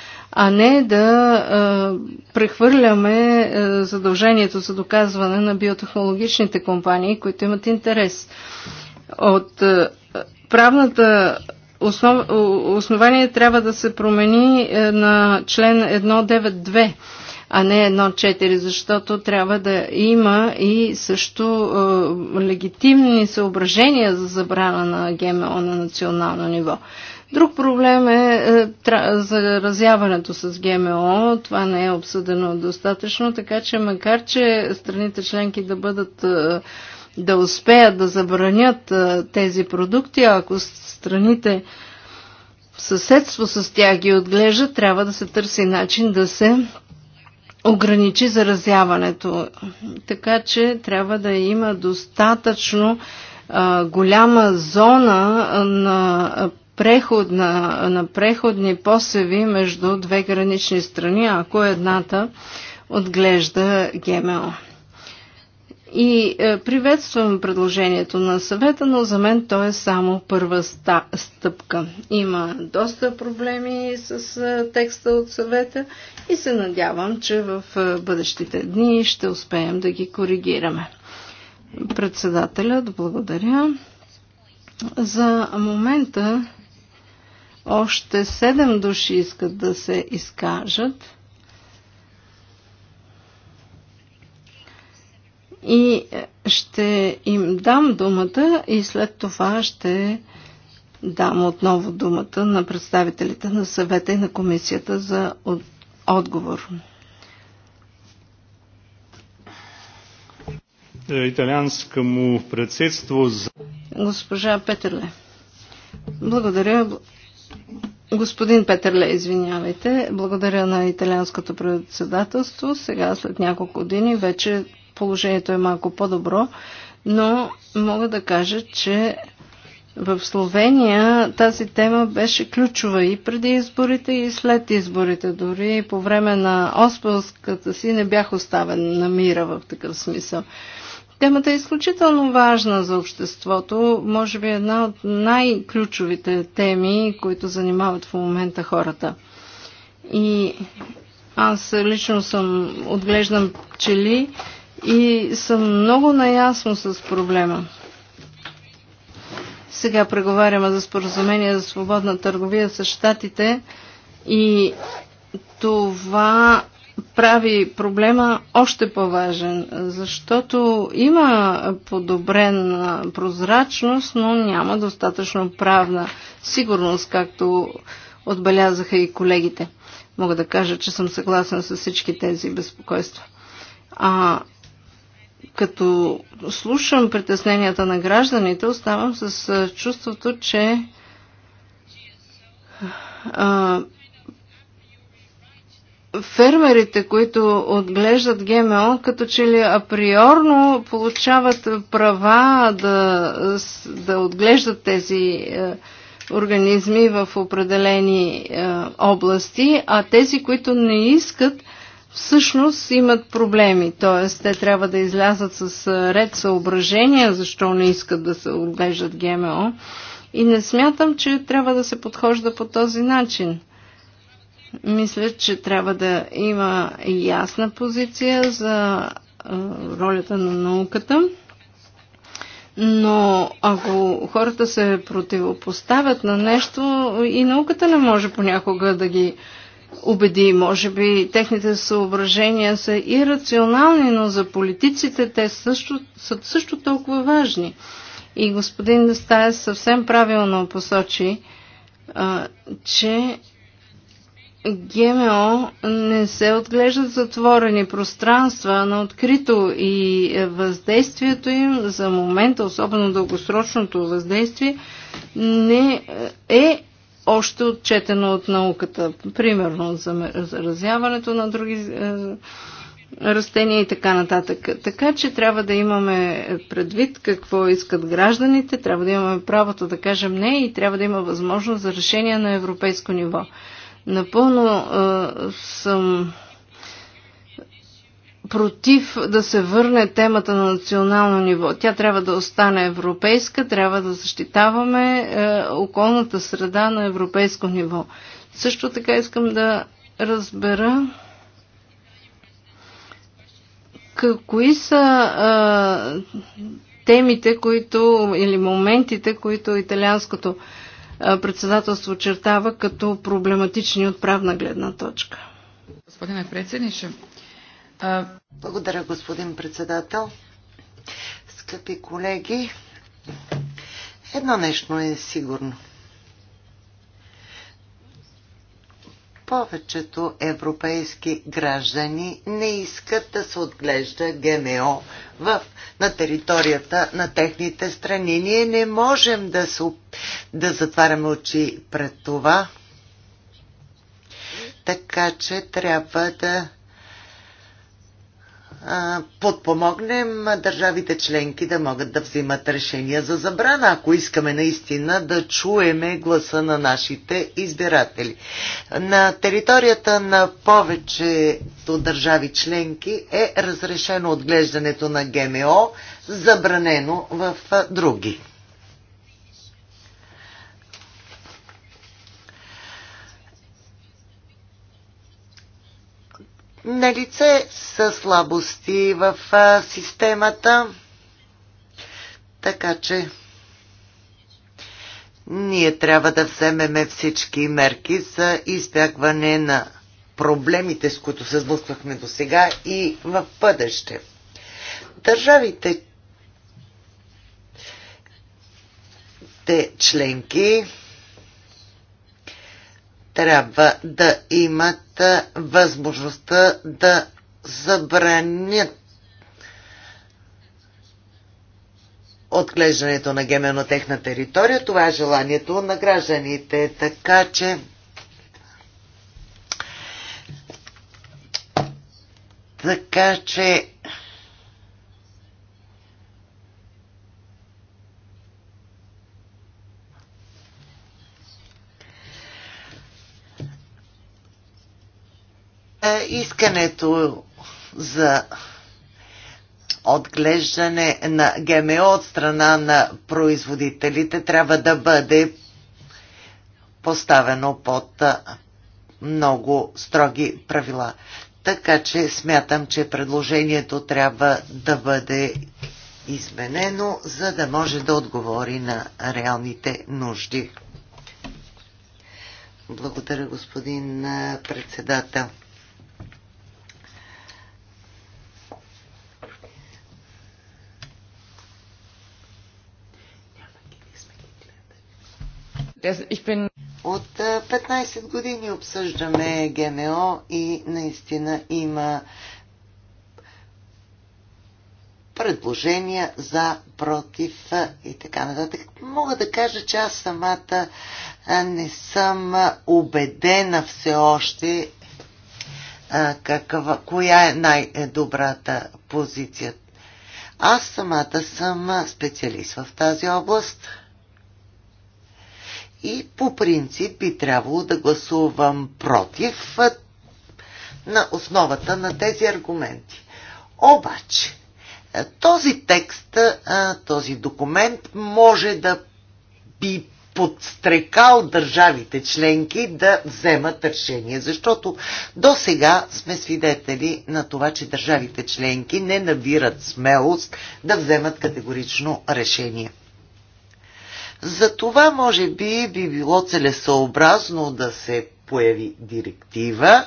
а не да прехвърляме задължението за доказване на биотехнологичните компании, които имат интерес. От правната основ... основание трябва да се промени е, на член 192 а не 1.4, защото трябва да има и също е, легитимни съображения за забрана на ГМО на национално ниво. Друг проблем е, е заразяването с ГМО. Това не е обсъдено достатъчно, така че макар, че страните членки да бъдат е, да успеят да забранят е, тези продукти, ако страните в съседство с тях ги отглеждат, трябва да се търси начин да се ограничи заразяването. Така че трябва да има достатъчно голяма зона на преход на преходни посеви между две гранични страни, ако едната отглежда ГМО. И е, приветствам предложението на съвета, но за мен то е само първа стъпка. Има доста проблеми с е, текста от съвета и се надявам, че в е, бъдещите дни ще успеем да ги коригираме. Председателят, благодаря. За момента още седем души искат да се изкажат. И е, ще им дам думата и след това ще дам отново думата на представителите на съвета и на комисията за отговор. италианскому за... Госпожа Петерле, благодаря. Господин Петърле, извинявайте. Благодаря на италианското председателство. Сега, след няколко години, вече положението е малко по-добро, но мога да кажа, че в Словения тази тема беше ключова и преди изборите, и след изборите. Дори по време на Оспелската си не бях оставен на мира в такъв смисъл. Темата е изключително важна за обществото, може би една от най-ключовите теми, които занимават в момента хората. И аз лично съм отглеждам пчели и съм много наясно с проблема. Сега преговаряме за споразумение за свободна търговия с щатите и това прави проблема още по-важен, защото има подобрена прозрачност, но няма достатъчно правна сигурност, както отбелязаха и колегите. Мога да кажа, че съм съгласен с всички тези безпокойства. А като слушам притесненията на гражданите, оставам с чувството, че а, фермерите, които отглеждат ГМО, като че ли априорно получават права да, да отглеждат тези е, организми в определени е, области, а тези, които не искат, всъщност имат проблеми. Т.е. те трябва да излязат с е, ред съображения, защо не искат да се отглеждат ГМО. И не смятам, че трябва да се подхожда по този начин. Мисля, че трябва да има ясна позиция за ролята на науката. Но ако хората се противопоставят на нещо, и науката не може понякога да ги убеди. Може би техните съображения са и рационални, но за политиците те също, са също толкова важни. И господин Дестая съвсем правилно посочи, че ГМО не се отглеждат в затворени пространства, на открито и въздействието им за момента, особено дългосрочното въздействие, не е още отчетено от науката. Примерно за заразяването на други е, растения и така нататък. Така че трябва да имаме предвид какво искат гражданите, трябва да имаме правото да кажем не и трябва да има възможност за решение на европейско ниво. Напълно а, съм против да се върне темата на национално ниво. Тя трябва да остане европейска, трябва да защитаваме а, околната среда на европейско ниво. Също така искам да разбера кои са а, темите, които или моментите, които италианското председателство очертава като проблематични от правна гледна точка. Господине председниče. А... Благодаря, господин председател. Скъпи колеги, едно нещо е сигурно – повечето европейски граждани не искат да се отглежда ГМО в, на територията на техните страни. Ние не можем да, се, да затваряме очи пред това, така че трябва да подпомогнем държавите членки да могат да взимат решения за забрана, ако искаме наистина да чуеме гласа на нашите избиратели. На територията на повечето държави членки е разрешено отглеждането на ГМО, забранено в други. На лице са слабости в системата, така че ние трябва да вземеме всички мерки за избягване на проблемите, с които се сблъсквахме до сега и в бъдеще. Държавите те членки трябва да имат възможността да забранят отглеждането на ГМО на техна територия. Това е желанието на гражданите. Така че така че искането за отглеждане на ГМО от страна на производителите трябва да бъде поставено под много строги правила. Така че смятам, че предложението трябва да бъде изменено, за да може да отговори на реалните нужди. Благодаря, господин председател. От 15 години обсъждаме ГМО и наистина има предложения за, против и така нататък. Мога да кажа, че аз самата не съм убедена все още каква, коя е най-добрата позиция. Аз самата съм специалист в тази област и по принцип би трябвало да гласувам против на основата на тези аргументи. Обаче, този текст, този документ може да би подстрекал държавите членки да вземат решение. Защото до сега сме свидетели на това, че държавите членки не набират смелост да вземат категорично решение. За това, може би, би било целесообразно да се появи директива,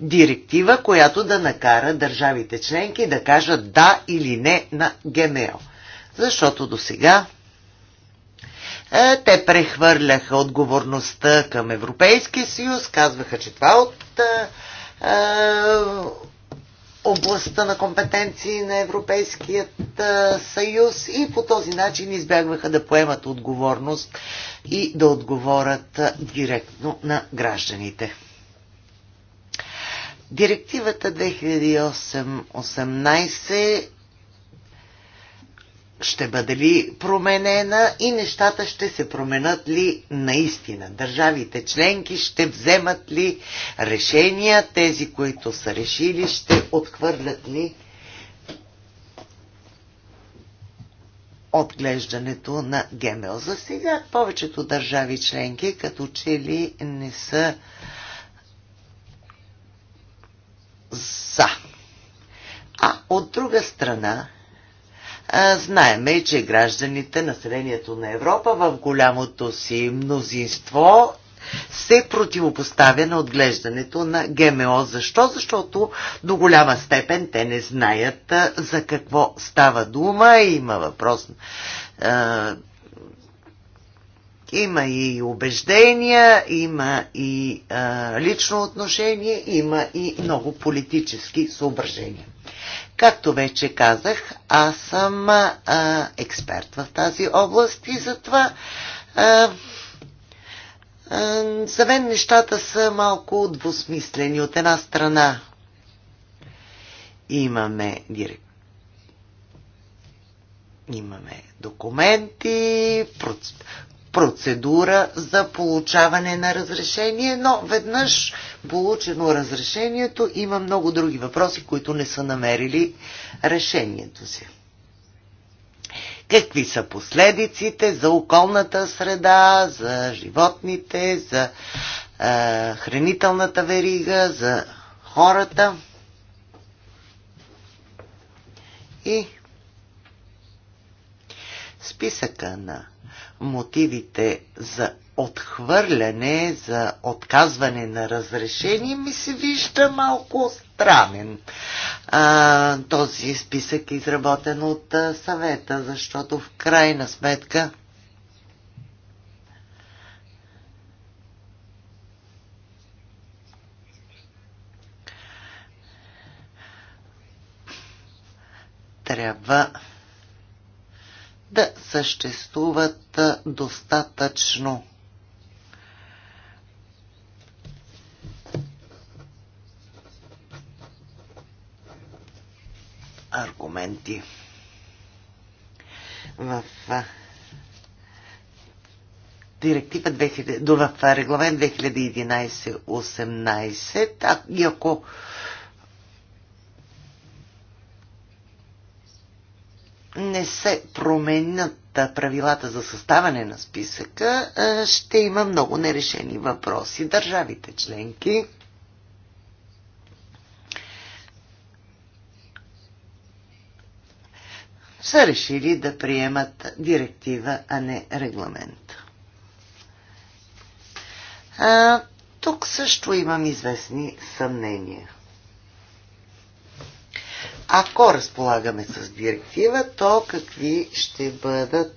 директива, която да накара държавите членки да кажат да или не на ГМО. Защото до сега е, те прехвърляха отговорността към Европейския съюз, казваха, че това от е, е областта на компетенции на Европейският съюз и по този начин избягваха да поемат отговорност и да отговорят директно на гражданите. Директивата 2008-18 ще бъде ли променена и нещата ще се променят ли наистина? Държавите членки ще вземат ли решения, тези, които са решили, ще отхвърлят ли отглеждането на ГМО? За сега повечето държави членки като че ли не са за. А от друга страна, Знаеме, че гражданите, населението на Европа в голямото си мнозинство се противопоставя на отглеждането на ГМО. Защо? Защото до голяма степен те не знаят за какво става дума. Има въпрос. има и убеждения, има и лично отношение, има и много политически съображения. Както вече казах, аз съм а, експерт в тази област и затова а, а, за мен нещата са малко двусмислени. От една страна имаме директ. Имаме документи, процедура за получаване на разрешение, но веднъж получено разрешението има много други въпроси, които не са намерили решението си. Какви са последиците за околната среда, за животните, за е, хранителната верига, за хората? И списъка на мотивите за отхвърляне, за отказване на разрешение ми се вижда малко странен. А, този списък е изработен от а, съвета, защото в крайна сметка трябва да съществуват достатъчно. аргументи в директива 2000, в регламент 2011-18 и ако не се променят правилата за съставане на списъка, ще има много нерешени въпроси. Държавите членки са решили да приемат директива, а не регламент. А, тук също имам известни съмнения – ако разполагаме с директива, то какви ще бъдат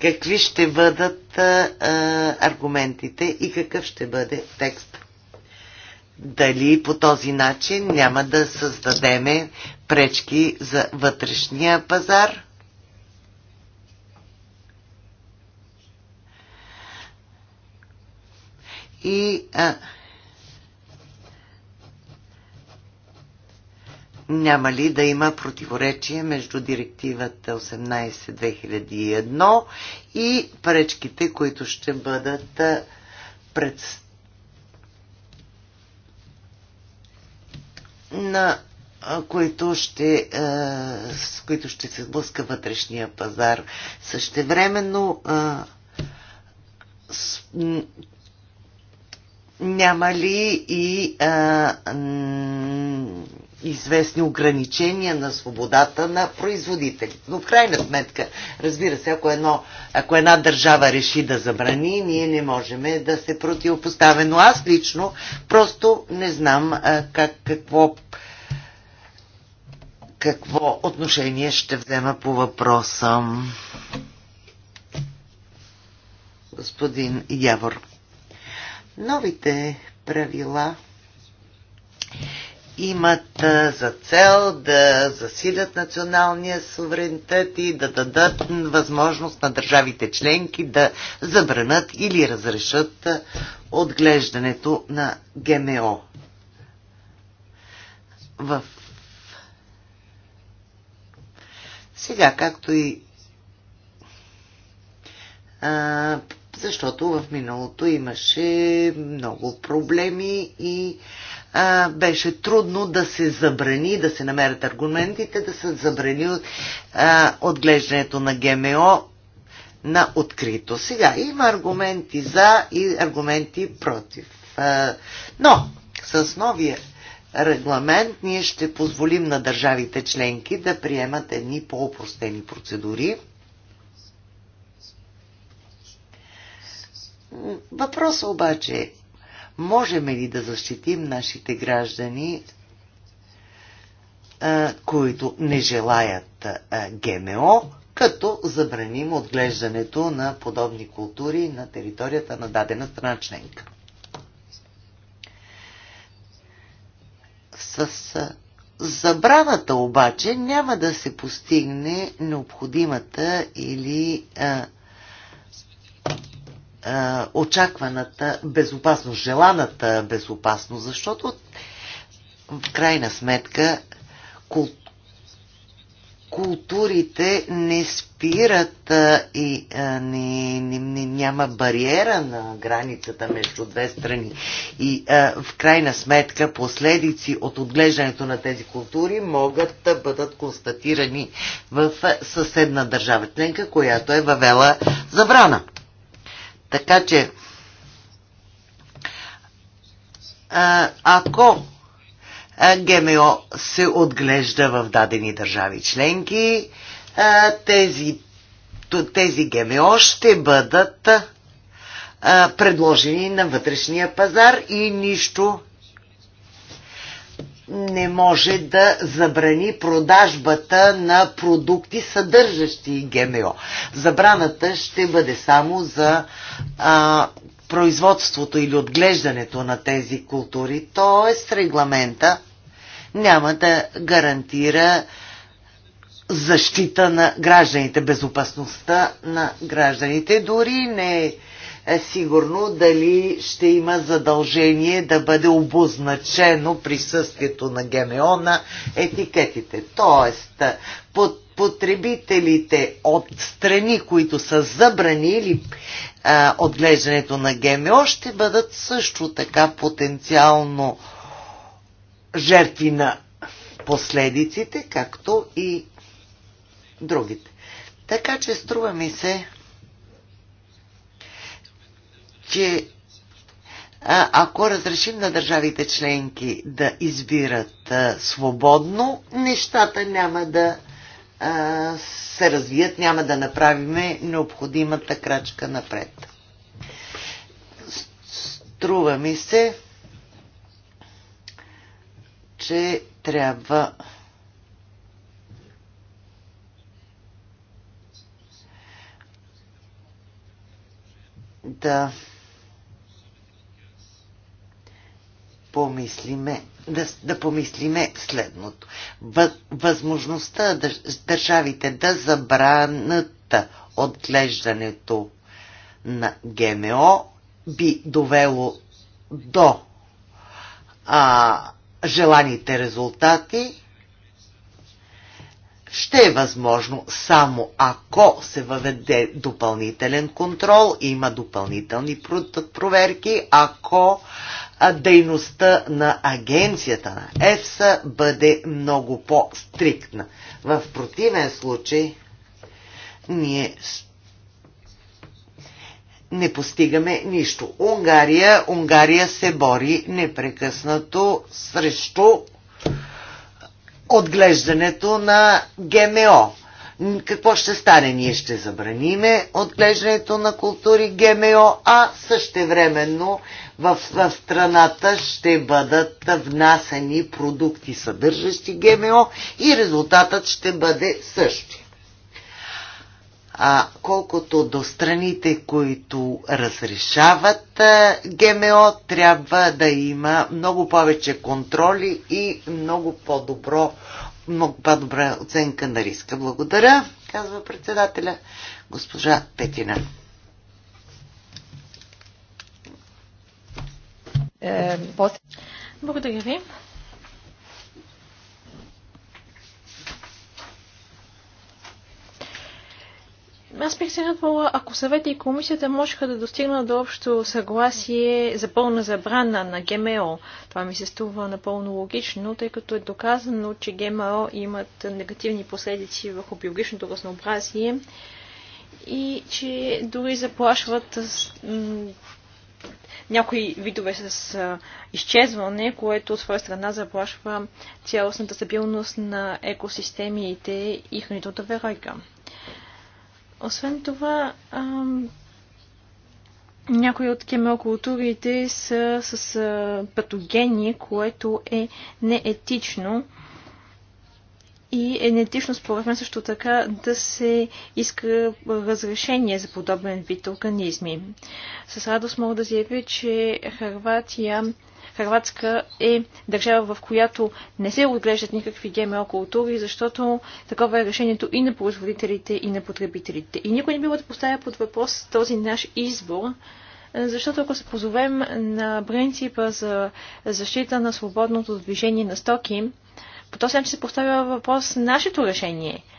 какви ще бъдат а, аргументите и какъв ще бъде текст. Дали по този начин няма да създадеме пречки за вътрешния пазар? И а, няма ли да има противоречие между директивата 18-2001 и пречките, които ще бъдат пред... на които ще, с които ще се сблъска вътрешния пазар. Същевременно няма ли и а, известни ограничения на свободата на производителите. Но в крайна сметка, разбира се, ако, едно, ако една държава реши да забрани, ние не можем да се противопоставим. Но аз лично просто не знам а, как, какво, какво отношение ще взема по въпроса. Господин Явор. Новите правила имат за цел да засилят националния суверенитет и да дадат възможност на държавите членки да забранат или разрешат отглеждането на ГМО. В сега, както и а, защото в миналото имаше много проблеми и а, беше трудно да се забрани, да се намерят аргументите, да се забрани а, отглеждането на ГМО на открито. Сега има аргументи за и аргументи против. А, но с новия регламент ние ще позволим на държавите членки да приемат едни по-опростени процедури. Въпросът обаче е можем ли да защитим нашите граждани, които не желаят ГМО, като забраним отглеждането на подобни култури на територията на дадена страна членка. С забраната обаче няма да се постигне необходимата или а, е, очакваната безопасност, желаната безопасност, защото в крайна сметка кул... културите не спират а, е, и а, не, не, не, няма бариера на границата между две страни. И а, е, в крайна сметка последици от отглеждането на тези култури могат да бъдат констатирани в съседна държава членка, която е въвела забрана. Така че, ако ГМО се отглежда в дадени държави членки, тези, тези ГМО ще бъдат предложени на вътрешния пазар и нищо не може да забрани продажбата на продукти, съдържащи ГМО. Забраната ще бъде само за а, производството или отглеждането на тези култури, т.е. регламента няма да гарантира защита на гражданите, безопасността на гражданите. Дори не е е сигурно дали ще има задължение да бъде обозначено присъствието на ГМО на етикетите. Тоест, под потребителите от страни, които са забранили а, отглеждането на ГМО, ще бъдат също така потенциално жертви на последиците, както и другите. Така че струва ми се, че ако разрешим на държавите членки да избират а, свободно, нещата няма да а, се развият, няма да направиме необходимата крачка напред. Струва ми се, че трябва да помислиме, да, да помислиме следното. Възможността държавите да забранат отглеждането на ГМО би довело до а, желаните резултати ще е възможно само ако се въведе допълнителен контрол, има допълнителни проверки, ако дейността на агенцията на ЕФСА бъде много по-стриктна. В противен случай ние не постигаме нищо. Унгария, Унгария се бори непрекъснато срещу отглеждането на ГМО какво ще стане? Ние ще забраниме отглеждането на култури ГМО, а същевременно в, в страната ще бъдат внасени продукти съдържащи ГМО и резултатът ще бъде същия. А колкото до страните, които разрешават ГМО, трябва да има много повече контроли и много по-добро много по-добра оценка на риска. Благодаря, казва председателя госпожа Петина. Е, Благодаря ви. Аз бих се надвала, ако съвета и комисията можеха да достигнат до общо съгласие за пълна забрана на ГМО. Това ми се струва напълно логично, тъй като е доказано, че ГМО имат негативни последици върху биологичното разнообразие и че дори заплашват някои видове с изчезване, което от своя страна заплашва цялостната стабилност на екосистемите и хранителната верайка. Освен това, ам, някои от кемиокултурите са с а, патогени, което е неетично. И е неетично, според мен, също така да се иска разрешение за подобен вид организми. С радост мога да заявя, че Харватия Харватска е държава, в която не се отглеждат никакви ГМО култури, защото такова е решението и на производителите, и на потребителите. И никой не бива да поставя под въпрос този наш избор, защото ако се позовем на принципа за защита на свободното движение на стоки, по този начин се поставя въпрос нашето решение –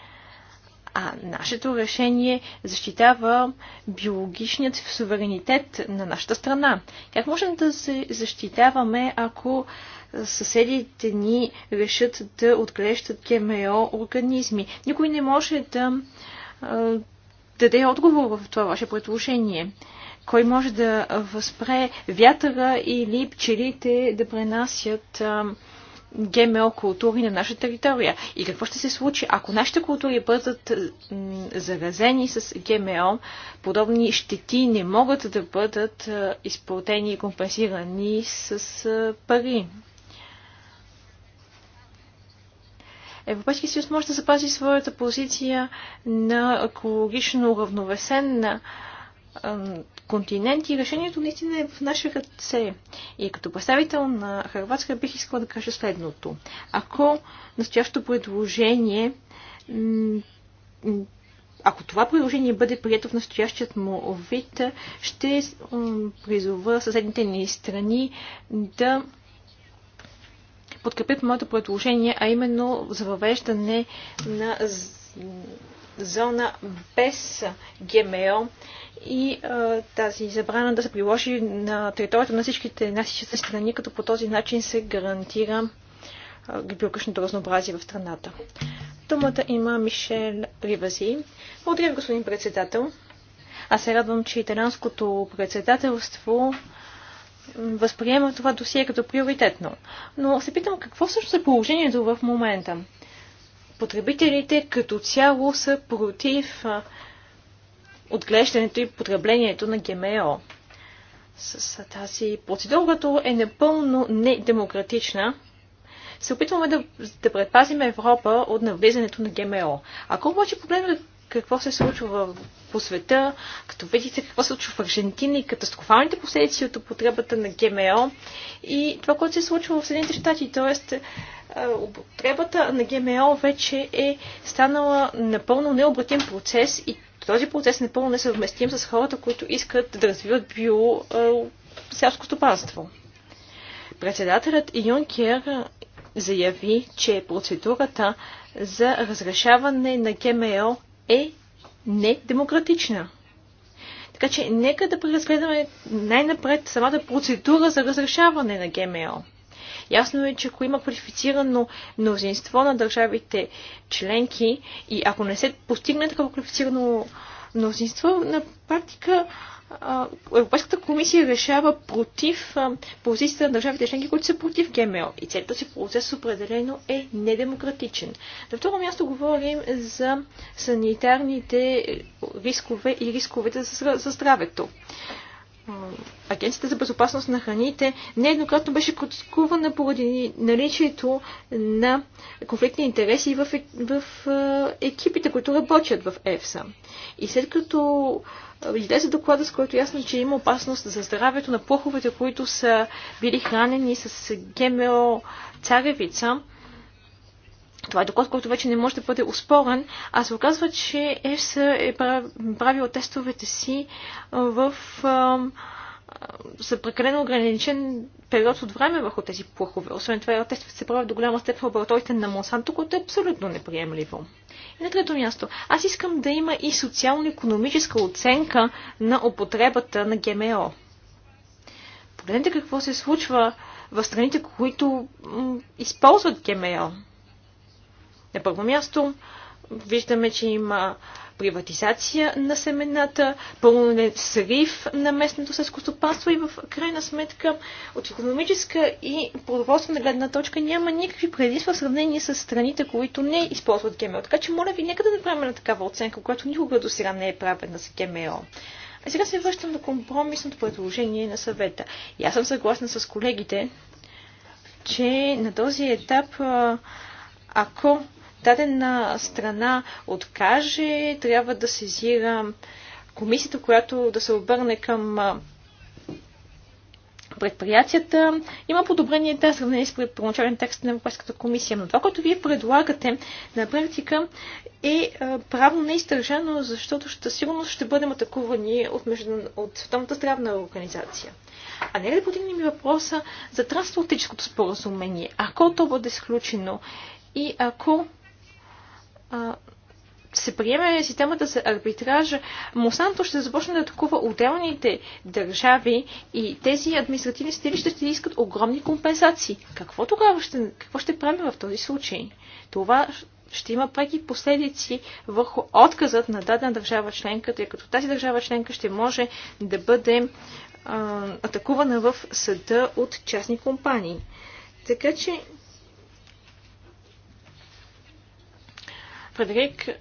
а нашето решение защитава биологичният суверенитет на нашата страна. Как можем да се защитаваме, ако съседите ни решат да отглеждат ГМО организми? Никой не може да даде отговор в това ваше предложение. Кой може да възпре вятъра или пчелите да пренасят ГМО култури на наша територия. И какво ще се случи, ако нашите култури бъдат заразени с ГМО, подобни щети не могат да бъдат изплатени и компенсирани с пари. Европейския съюз може да запази своята позиция на екологично уравновесен континент и решението наистина е в наши ръце. И като представител на Харватска бих искала да кажа следното. Ако настоящото предложение ако това приложение бъде прието в настоящият му вид, ще призова съседните ни страни да подкрепят моето предложение, а именно за въвеждане на зона без ГМО и а, тази забрана да се приложи на територията на всичките наши страни, като по този начин се гарантира биологичното разнообразие в страната. Думата има Мишел Ривази. Благодаря господин председател. Аз се радвам, че италянското председателство възприема това досие като приоритетно. Но се питам какво всъщност е положението в момента потребителите като цяло са против отглеждането и потреблението на ГМО. С тази процедура, която е напълно недемократична, се опитваме да, да предпазим Европа от навлизането на ГМО. Ако обаче погледнем какво се случва по света, като видите какво се случва в Аржентина и катастрофалните последици от употребата на ГМО и това, което се случва в Съединените щати, т.е употребата на ГМО вече е станала напълно необратим процес и този процес е напълно несъвместим с хората, които искат да развиват био стопанство. Председателят Юнкер заяви, че процедурата за разрешаване на ГМО е недемократична. Така че нека да преразгледаме най-напред самата процедура за разрешаване на ГМО. Ясно е, че ако има квалифицирано мнозинство на държавите членки и ако не се постигне такова квалифицирано мнозинство, на практика Европейската комисия решава против позицията на държавите членки, които са против ГМО. И целият този процес определено е недемократичен. На второ място говорим за санитарните рискове и рисковете за здравето. Агенцията за безопасност на храните нееднократно беше критикувана поради наличието на конфликтни интереси в, е- в екипите, които работят в ЕФСА. И след като излезе доклада, с който е ясно, че има опасност за здравето на плоховете, които са били хранени с ГМО царевица, това е доклад, който вече не може да бъде успорен, а се оказва, че ЕФСА е правил тестовете си в за прекалено ограничен период от време върху тези плахове. Освен това, тестовете се правят до голяма степен в лабораториите на Монсанто, което е абсолютно неприемливо. И на трето място, аз искам да има и социално-економическа оценка на употребата на ГМО. Погледнете какво се случва в страните, които използват ГМО. На първо място виждаме, че има приватизация на семената, пълнен срив на местното селскостопанство и в крайна сметка от економическа и продоволствена гледна точка няма никакви предимства в сравнение с страните, които не използват ГМО. Така че моля ви, нека да направим на такава оценка, която никога до сега не е правена за ГМО. А сега се връщам до компромисното предложение на съвета. И аз съм съгласна с колегите, че на този етап ако дадена страна откаже, трябва да сезира комисията, която да се обърне към предприятията. Има подобрение да сравнение с първоначален текст на Европейската комисия. Но това, което вие предлагате на практика е правно неизтържено, защото ще, сигурно ще бъдем атакувани от, между... от Световната здравна организация. А не да подигнем и въпроса за трансатлантическото споразумение, ако то бъде сключено и ако се приеме системата за арбитраж, Мусанто ще започне да атакува отделните държави и тези административни стилища ще искат огромни компенсации. Какво тогава ще, какво ще правим в този случай? Това ще има преки последици върху отказът на дадена държава членка, тъй като тази държава членка ще може да бъде а, атакувана в съда от частни компании. Така че Фредерик е,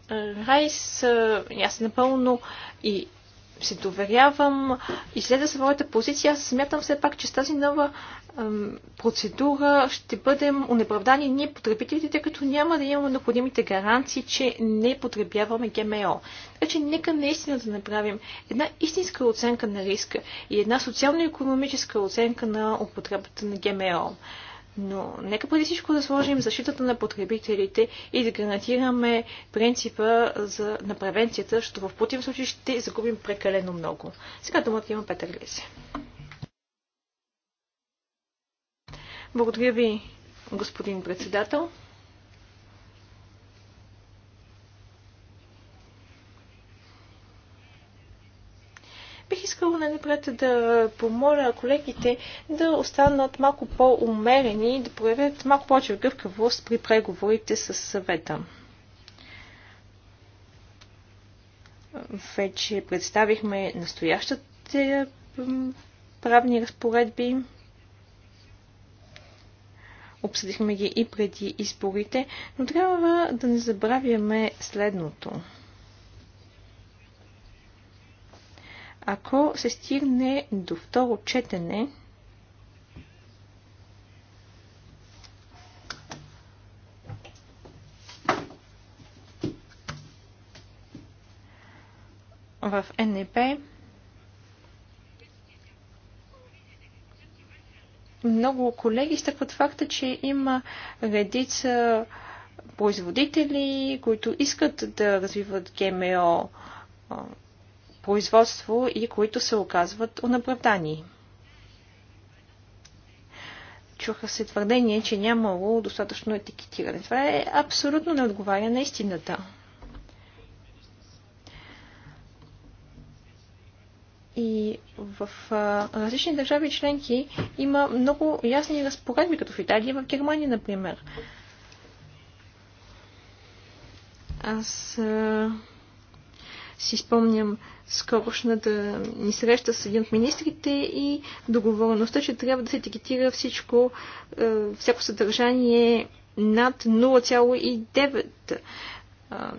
Райс, и е, аз напълно и се доверявам и следа своята позиция, аз смятам все пак, че с тази нова ем, процедура ще бъдем унеправдани ние потребителите, тъй като няма да имаме необходимите гаранции, че не потребяваме ГМО. Така че нека наистина да направим една истинска оценка на риска и една социално-економическа оценка на употребата на ГМО. Но нека преди всичко да сложим защитата на потребителите и да гарантираме принципа за, на превенцията, защото в противен случай ще загубим прекалено много. Сега думата има Петър Лиси. Благодаря ви, господин председател. Бих искала на напред да помоля колегите да останат малко по-умерени и да проявят малко повече гъвкавост при преговорите с съвета. Вече представихме настоящите правни разпоредби. Обсъдихме ги и преди изборите, но трябва да не забравяме следното – Ако се стигне до второ четене, в НЕП много колеги стъпват факта, че има редица производители, които искат да развиват ГМО производство и които се оказват унаправдани. Чуха се твърдение, че нямало достатъчно етикетиране. Това е абсолютно не отговаря на истината. И в а, различни държави членки има много ясни разпоредби, като в Италия, в Германия, например. Аз а, си спомням скорошната ни среща с един от министрите и договореността, че трябва да се етикетира всичко, е, всяко съдържание над 0,9. Е,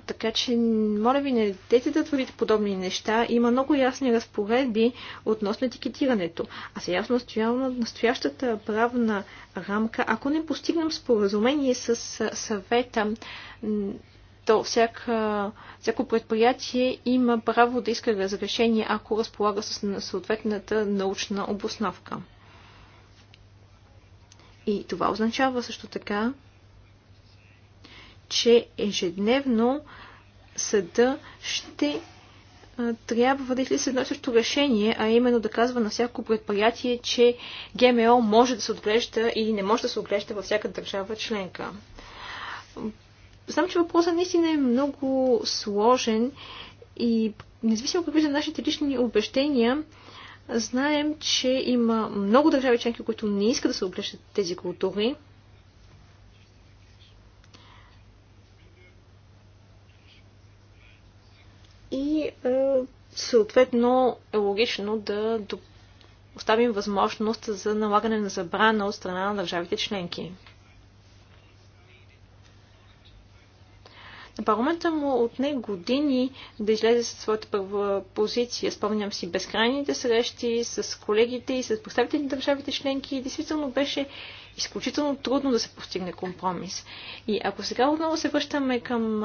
така че, моля ви, не дайте да твърдите подобни неща. Има много ясни разпоредби относно етикетирането. А сега настоявам настоящата правна рамка, ако не постигнем споразумение с е, съвета то всяка, всяко предприятие има право да иска разрешение, ако разполага с съответната научна обосновка. И това означава също така, че ежедневно съда ще трябва да излиза едно също решение, а именно да казва на всяко предприятие, че ГМО може да се отглежда или не може да се отглежда във всяка държава членка. Знам, че въпросът наистина е много сложен и независимо какви са нашите лични убеждения, знаем, че има много държави членки, които не искат да се обръщат тези култури. И е, съответно е логично да оставим възможност за налагане на забрана от страна на държавите членки. парламента му отне години да излезе със своята първа позиция. Спомням си безкрайните срещи с колегите и с представителите на държавите членки. действително беше изключително трудно да се постигне компромис. И ако сега отново се връщаме към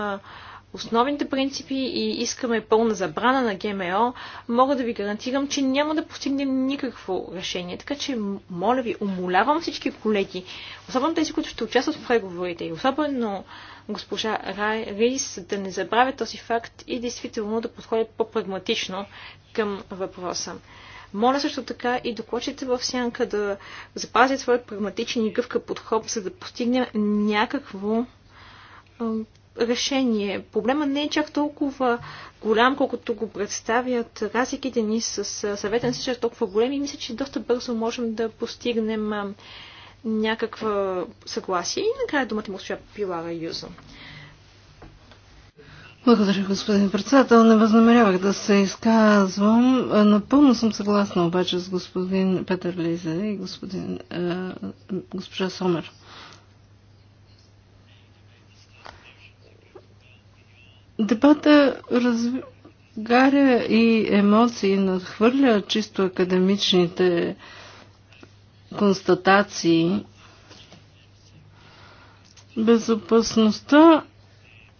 основните принципи и искаме пълна забрана на ГМО, мога да ви гарантирам, че няма да постигнем никакво решение. Така че, моля ви, умолявам всички колеги, особено тези, които ще участват в преговорите и особено госпожа Рай Рис, да не забравя този факт и действително да подходят по-прагматично към въпроса. Моля също така и докладчите в сянка да запазят своят прагматичен и гъвка подход, за да постигнем някакво решение. Проблема не е чак толкова голям, колкото го представят разликите ни с съвета не са чак толкова големи и мисля, че доста бързо можем да постигнем някаква съгласие. И накрая думата му госпожа Пилара Юза. Благодаря, господин председател. Не възнамерявах да се изказвам. Напълно съм съгласна обаче с господин Петър Лиза и господин, е, госпожа Сомер. Дебата разгаря и емоции, надхвърля чисто академичните констатации. Безопасността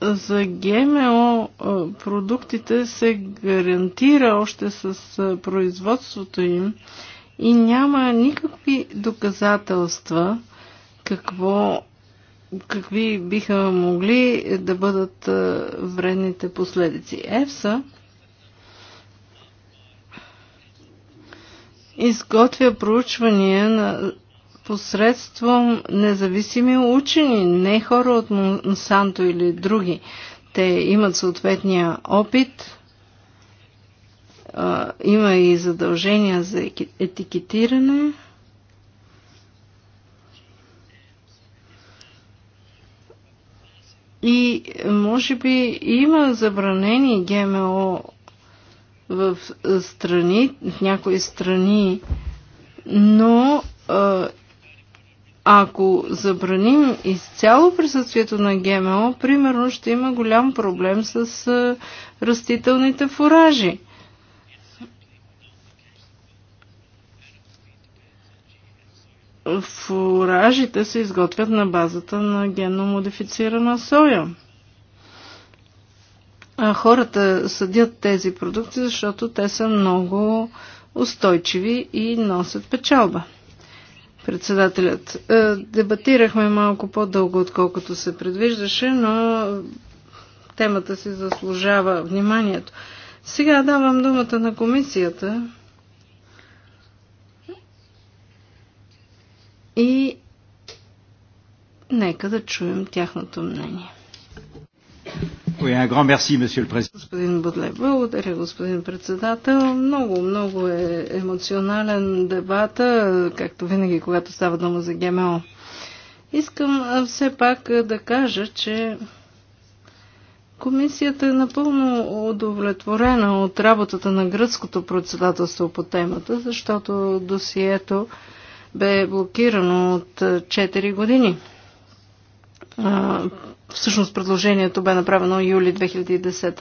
за ГМО продуктите се гарантира още с производството им и няма никакви доказателства какво какви биха могли да бъдат вредните последици. ЕФСА изготвя проучвания на посредством независими учени, не хора от Монсанто или други. Те имат съответния опит, има и задължения за етикетиране, И може би има забранени ГМО в страни, в някои страни, но ако забраним изцяло присъствието на ГМО, примерно ще има голям проблем с растителните фуражи. фуражите се изготвят на базата на генно модифицирана соя. А хората съдят тези продукти, защото те са много устойчиви и носят печалба. Председателят. Е, дебатирахме малко по-дълго, отколкото се предвиждаше, но темата си заслужава вниманието. Сега давам думата на комисията. и нека да чуем тяхното мнение. Господин Бодле, благодаря, господин председател. Много, много е емоционален дебат, както винаги, когато става дума за ГМО. Искам все пак да кажа, че комисията е напълно удовлетворена от работата на гръцкото председателство по темата, защото досието бе блокирано от 4 години. Всъщност предложението бе направено юли 2010.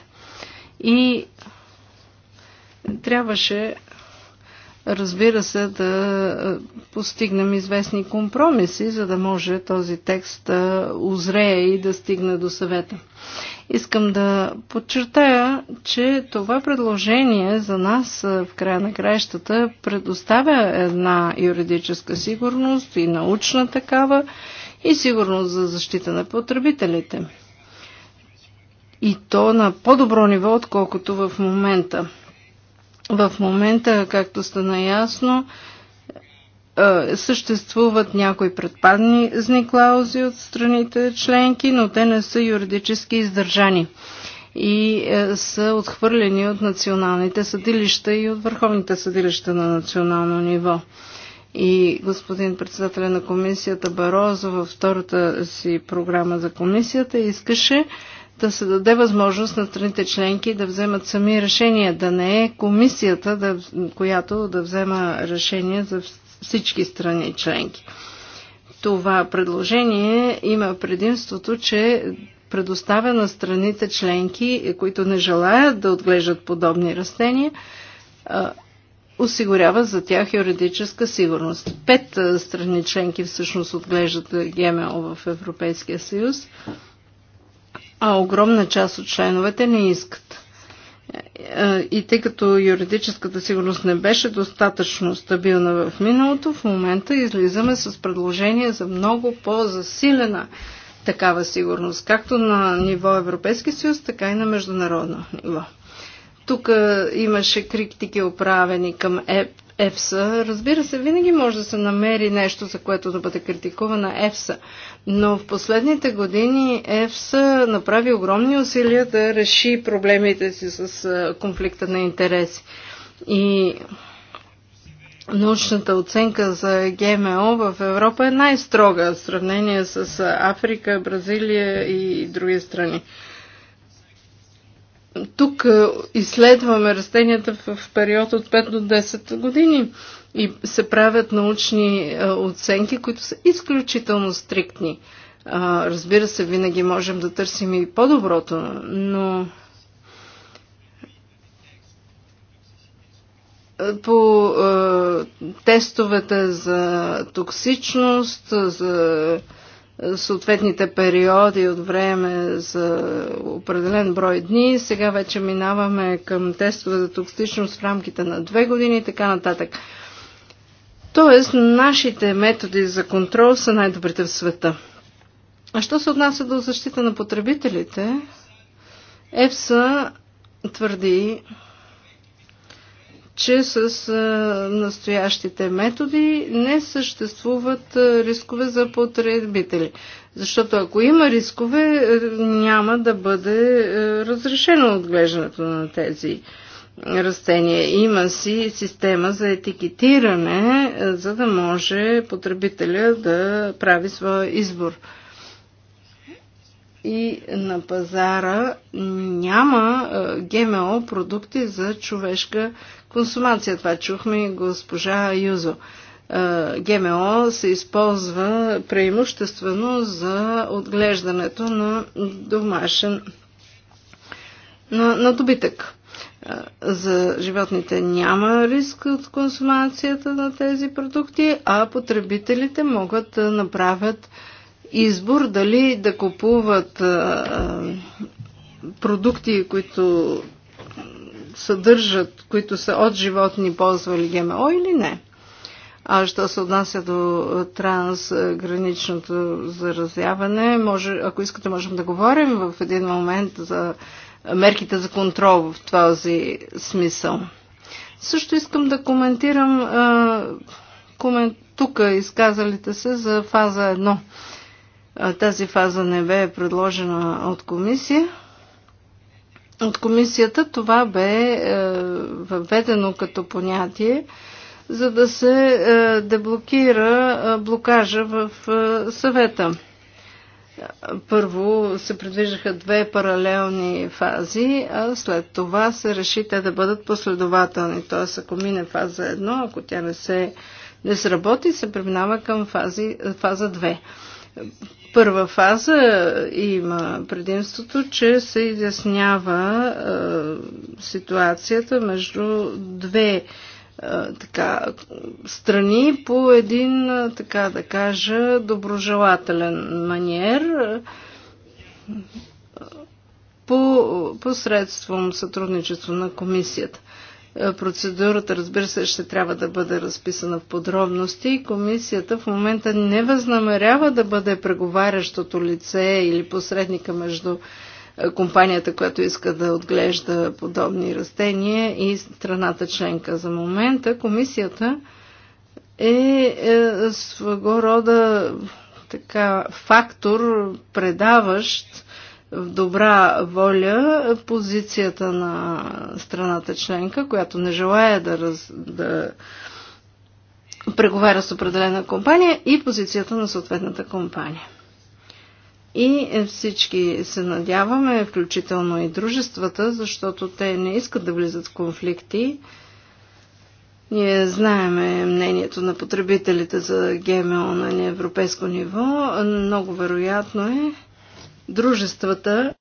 И трябваше разбира се, да постигнем известни компромиси, за да може този текст да озрее и да стигне до съвета. Искам да подчертая, че това предложение за нас в края на краищата предоставя една юридическа сигурност и научна такава и сигурност за защита на потребителите. И то на по-добро ниво, отколкото в момента. В момента, както стана ясно, съществуват някои предпазни клаузи от страните членки, но те не са юридически издържани и е, са отхвърлени от националните съдилища и от върховните съдилища на национално ниво. И господин председателя на комисията Барозо във втората си програма за комисията искаше да се даде възможност на страните членки да вземат сами решения, да не е комисията, да, която да взема решение за всички страни членки. Това предложение има предимството, че предоставя на страните членки, които не желаят да отглеждат подобни растения, осигурява за тях юридическа сигурност. Пет страни членки всъщност отглеждат ГМО в Европейския съюз а огромна част от членовете не искат. И тъй като юридическата сигурност не беше достатъчно стабилна в миналото, в момента излизаме с предложение за много по-засилена такава сигурност, както на ниво Европейски съюз, така и на международно ниво. Тук имаше критики оправени към ЕП, ЕФСА. Разбира се, винаги може да се намери нещо, за което да бъде критикувана ЕФСА. Но в последните години ЕФСА направи огромни усилия да реши проблемите си с конфликта на интереси. И научната оценка за ГМО в Европа е най-строга в сравнение с Африка, Бразилия и други страни тук е, изследваме растенията в период от 5 до 10 години и се правят научни е, оценки, които са изключително стриктни. Разбира се, винаги можем да търсим и по-доброто, но е, по тестовете за токсичност, за съответните периоди от време за определен брой дни. Сега вече минаваме към тестове за токсичност в рамките на две години и така нататък. Тоест, нашите методи за контрол са най-добрите в света. А що се отнася до защита на потребителите, ЕФСА твърди, че с настоящите методи не съществуват рискове за потребители. Защото ако има рискове, е, няма да бъде е, разрешено отглеждането на тези растения. Има си система за етикетиране, е, за да може потребителя да прави своя избор и на пазара няма е, ГМО продукти за човешка консумация. Това чухме и госпожа Юзо. Е, ГМО се използва преимуществено за отглеждането на домашен на, на добитък. Е, за животните няма риск от консумацията на тези продукти, а потребителите могат да направят избор дали да купуват продукти, които съдържат, които са от животни ползвали ГМО или не. А що се отнася до трансграничното заразяване, може, ако искате, можем да говорим в един момент за мерките за контрол в този смисъл. Също искам да коментирам а, комен... тук изказалите се за фаза тази фаза не бе предложена от комисия. От комисията това бе е, въведено като понятие, за да се е, деблокира е, блокажа в съвета. Първо се предвиждаха две паралелни фази, а след това се реши те да бъдат последователни. Т.е. ако мине фаза 1, ако тя не се не сработи, се преминава към фази, фаза 2 първа фаза има предимството, че се изяснява е, ситуацията между две е, така, страни по един, е, така да кажа, доброжелателен маниер е, по, посредством сътрудничество на комисията. Е, процедурата, разбира се, ще трябва да бъде разписана в подробности. Комисията в момента не възнамерява да бъде преговарящото лице или посредника между е, компанията, която иска да отглежда подобни растения и страната членка. За момента комисията е, е своего рода така, фактор, предаващ в добра воля позицията на страната членка, която не желая да, раз, да преговаря с определена компания и позицията на съответната компания. И всички се надяваме, включително и дружествата, защото те не искат да влизат в конфликти. Ние знаеме мнението на потребителите за ГМО на европейско ниво. Много вероятно е дружествата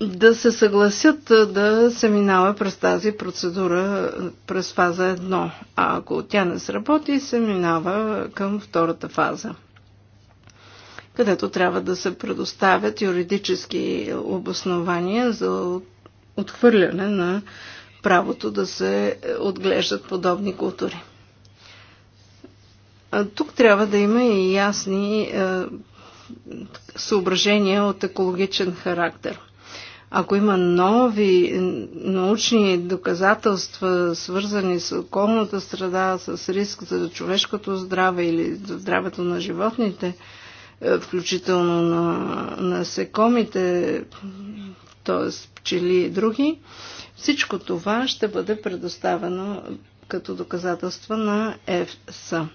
да се съгласят да се минава през тази процедура през фаза 1. А ако тя не сработи, се минава към втората фаза, където трябва да се предоставят юридически обоснования за отхвърляне на правото да се отглеждат подобни култури. Тук трябва да има и ясни съображения от екологичен характер. Ако има нови научни доказателства, свързани с околната среда, с риск за човешкото здраве или за здравето на животните, е, включително на насекомите, т.е. пчели и други, всичко това ще бъде предоставено като доказателства на ЕФСА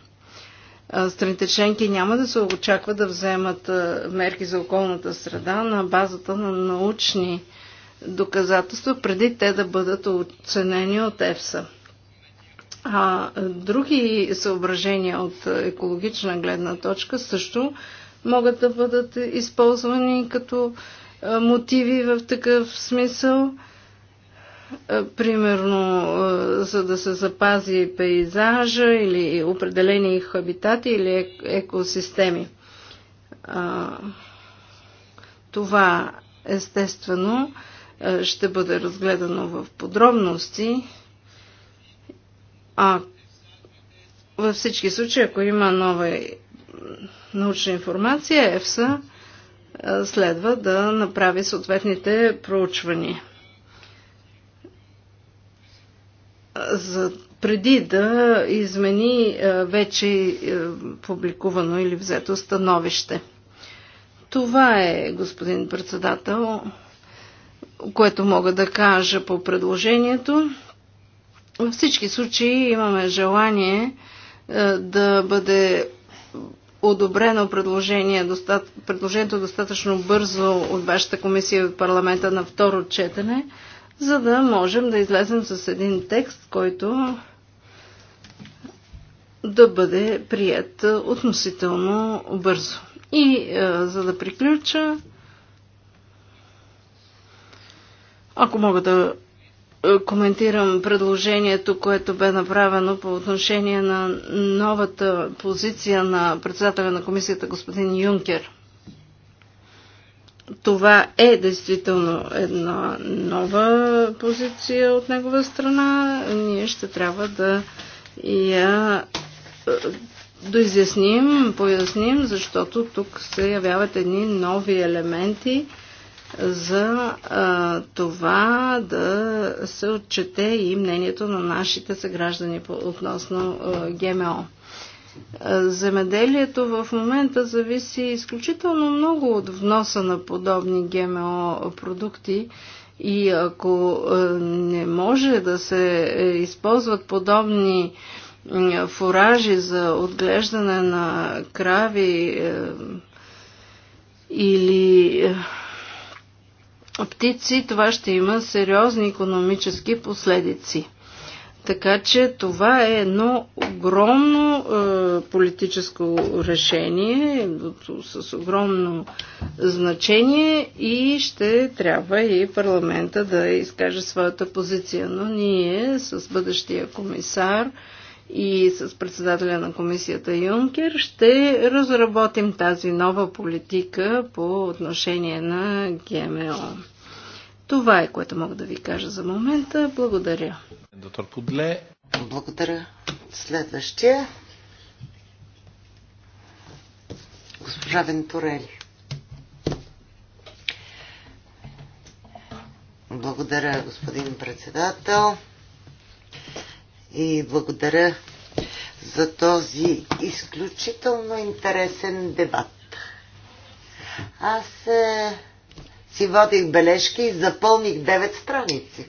страните членки няма да се очаква да вземат мерки за околната среда на базата на научни доказателства, преди те да бъдат оценени от ЕФСА. А други съображения от екологична гледна точка също могат да бъдат използвани като мотиви в такъв смисъл – е, примерно е, за да се запази пейзажа или определени хабитати или е, екосистеми. Това естествено ще бъде разгледано в подробности, а във всички случаи, ако има нова научна информация, ЕФСА следва да направи съответните проучвания. за преди да измени е, вече е, публикувано или взето становище. Това е, господин председател, което мога да кажа по предложението. Във всички случаи имаме желание е, да бъде одобрено предложение, предложението достатъчно бързо от вашата комисия от парламента на второ четене, за да можем да излезем с един текст, който да бъде прият относително бързо. И е, за да приключа, ако мога да е, коментирам предложението, което бе направено по отношение на новата позиция на председателя на комисията господин Юнкер. Това е действително една нова позиция от негова страна. Ние ще трябва да я е, доизясним, поясним, защото тук се явяват едни нови елементи за а, е, това да се отчете и мнението на нашите съграждани относно а, е, ГМО. Е, земеделието в момента зависи изключително много от вноса на подобни ГМО продукти и ако е, не може да се е, използват подобни фуражи за отглеждане на крави или птици, това ще има сериозни економически последици. Така че това е едно огромно е, политическо решение с, с огромно значение и ще трябва и парламента да изкаже своята позиция. Но ние с бъдещия комисар и с председателя на комисията Юнкер ще разработим тази нова политика по отношение на ГМО. Това е, което мога да ви кажа за момента. Благодаря. Доктор Подле. Благодаря. Следващия. Госпожа Вентурели. Благодаря, господин председател. И благодаря за този изключително интересен дебат. Аз е, си водих бележки и запълних 9 страници.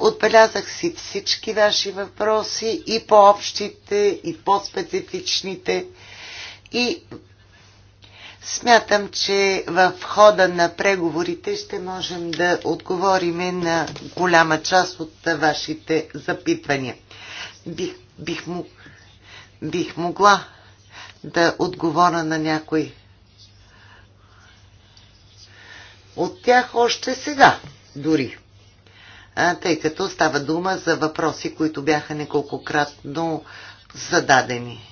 Отбелязах си всички ваши въпроси и по-общите, и по-специфичните. И смятам, че в хода на преговорите ще можем да отговорим на голяма част от вашите запитвания. Бих, бих, му, бих могла да отговоря на някои от тях още сега, дори. А, тъй като става дума за въпроси, които бяха неколкократно зададени.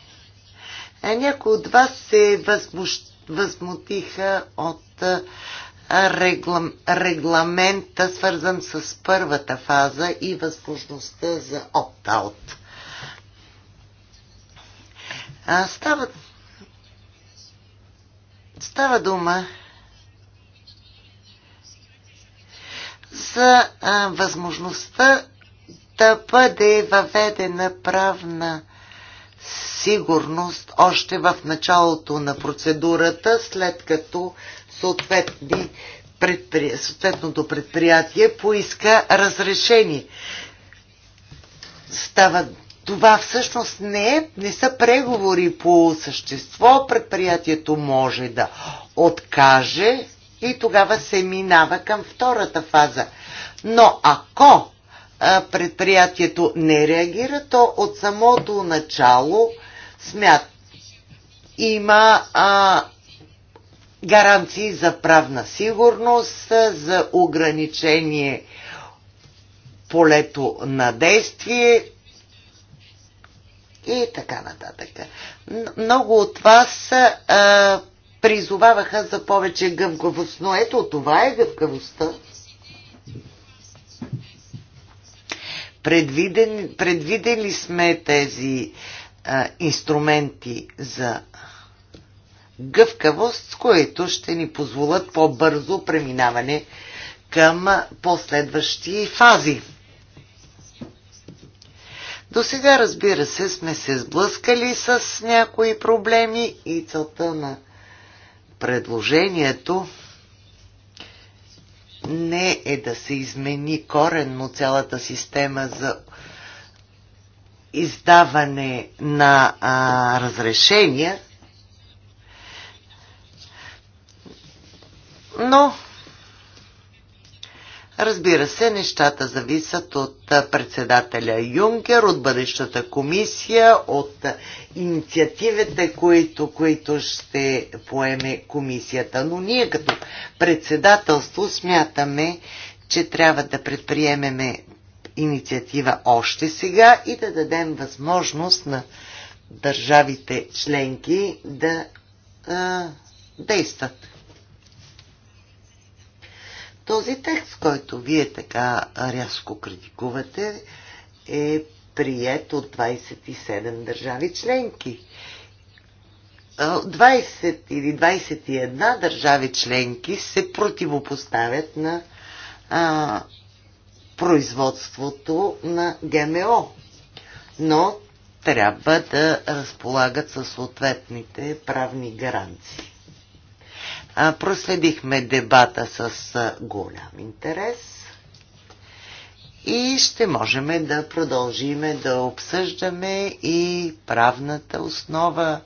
А, е, някои от вас се възмущ... възмутиха от реглам... регламента, свързан с първата фаза и възможността за опт-аут. Става... става дума За а, възможността да бъде въведена правна сигурност още в началото на процедурата, след като съответни предпри... съответното предприятие поиска разрешение. Става това всъщност не, е, не са преговори по същество. Предприятието може да откаже и тогава се минава към втората фаза. Но ако предприятието не реагира, то от самото начало смят има а, гаранции за правна сигурност, за ограничение полето на действие и така нататък. Много от вас а, призоваваха за повече гъвкавост. Но ето това е гъвкавостта. Предвиден, предвидели сме тези а, инструменти за гъвкавост, с които ще ни позволят по-бързо преминаване към последващи фази. До сега, разбира се, сме се сблъскали с някои проблеми и целта на предложението не е да се измени коренно цялата система за издаване на а, разрешения, но Разбира се, нещата зависят от председателя Юнкер, от бъдещата комисия, от инициативите, които, които ще поеме комисията. Но ние като председателство смятаме, че трябва да предприемеме инициатива още сега и да дадем възможност на държавите членки да а, действат. Този текст, който вие така рязко критикувате, е прият от 27 държави членки. 20 или 21 държави членки се противопоставят на а, производството на ГМО, но трябва да разполагат със съответните правни гаранции проследихме дебата с голям интерес и ще можем да продължиме да обсъждаме и правната основа,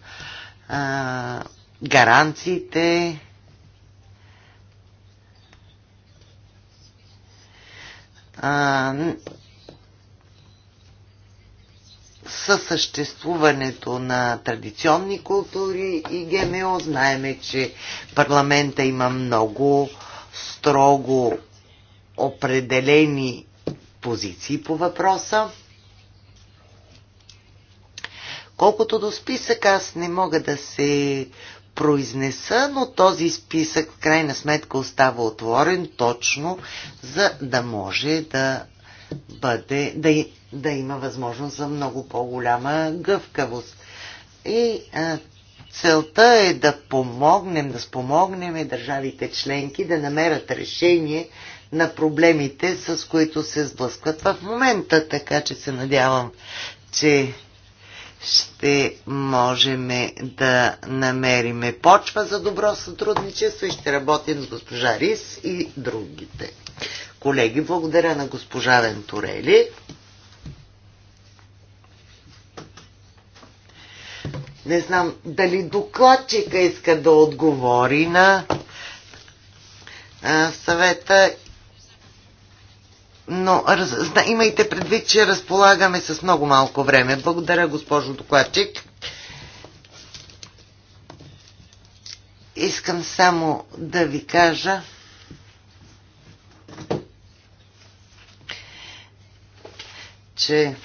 гаранциите, съсъществуването на традиционни култури и ГМО. Знаеме, че парламента има много строго определени позиции по въпроса. Колкото до списък, аз не мога да се произнеса, но този списък в крайна сметка остава отворен точно, за да може да бъде, да, да има възможност за много по-голяма гъвкавост. И а, целта е да помогнем, да спомогнем и държавите членки да намерят решение на проблемите, с които се сблъскват в момента, така че се надявам, че ще можем да намериме почва за добро сътрудничество и ще работим с госпожа Рис и другите. Колеги, благодаря на госпожа Вентурели. Не знам дали докладчика иска да отговори на съвета. Но раз, имайте предвид, че разполагаме с много малко време. Благодаря, госпожо докладчик. Искам само да ви кажа, че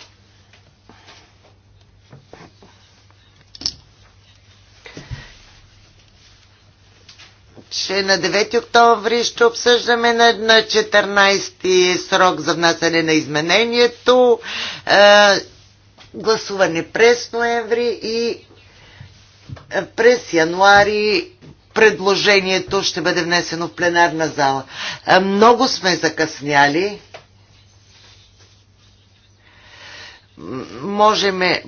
че на 9 октомври ще обсъждаме на, на 14 срок за внасяне на изменението, е, гласуване през ноември и е, през януари предложението ще бъде внесено в пленарна зала. Е, много сме закъсняли. Можеме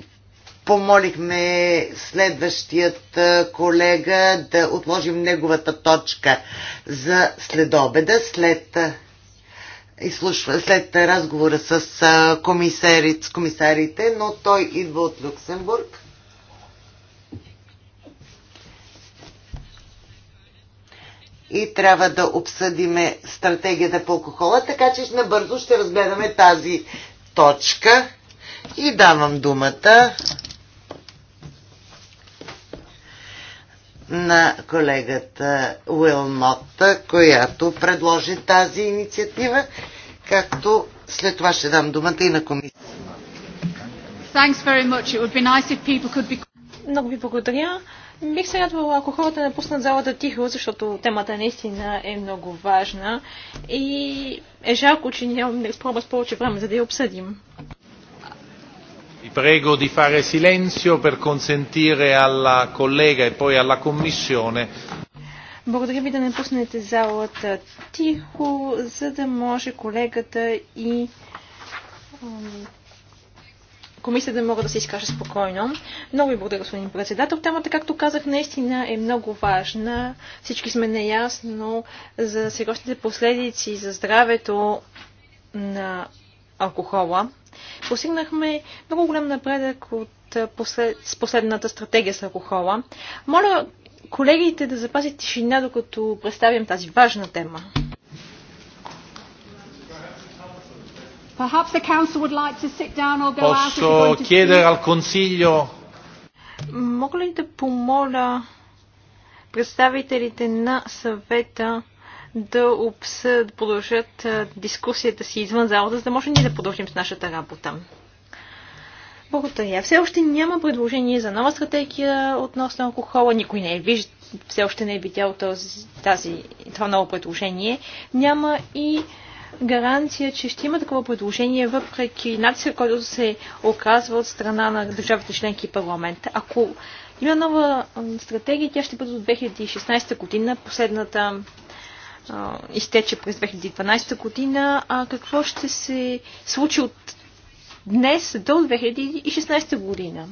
помолихме следващият колега да отложим неговата точка за следобеда, след, след разговора с комисарите, но той идва от Люксембург. И трябва да обсъдиме стратегията по алкохола, така че набързо ще разгледаме тази точка. И давам думата на колегата Уилмот, която предложи тази инициатива, както след това ще дам думата и на комисията. Много ви благодаря. Бих се радвала, ако хората напуснат залата тихо, защото темата наистина е много важна и е жалко, че нямам да разполагам с повече време, за да я обсъдим. Vi prego di fare silenzio per consentire alla collega e poi alla Commissione. Благодаря ви да не пуснете залата тихо, за да може колегата и комисията да могат да се изкаже спокойно. Много ви благодаря, господин председател. Темата, както казах, наистина е много важна. Всички сме неясно за сегашните последици за здравето на алкохола. Постигнахме много голям напредък от послед... с последната стратегия с алкохола. Моля колегите да запазят тишина, докато представим тази важна тема. Posso chiedere al Consiglio Мога ли да помоля представителите на съвета да обсъд, продължат дискусията си извън залата, за да можем ние да продължим с нашата работа. Благодаря. Все още няма предложение за нова стратегия относно алкохола. Никой не е вижда, все още не е видял този, тази, това ново предложение. Няма и гаранция, че ще има такова предложение, въпреки натиска, който се оказва от страна на държавите членки и парламента. Ако има нова стратегия, тя ще бъде от 2016 година, последната изтече през 2012 година, а какво ще се случи от днес до 2016 година.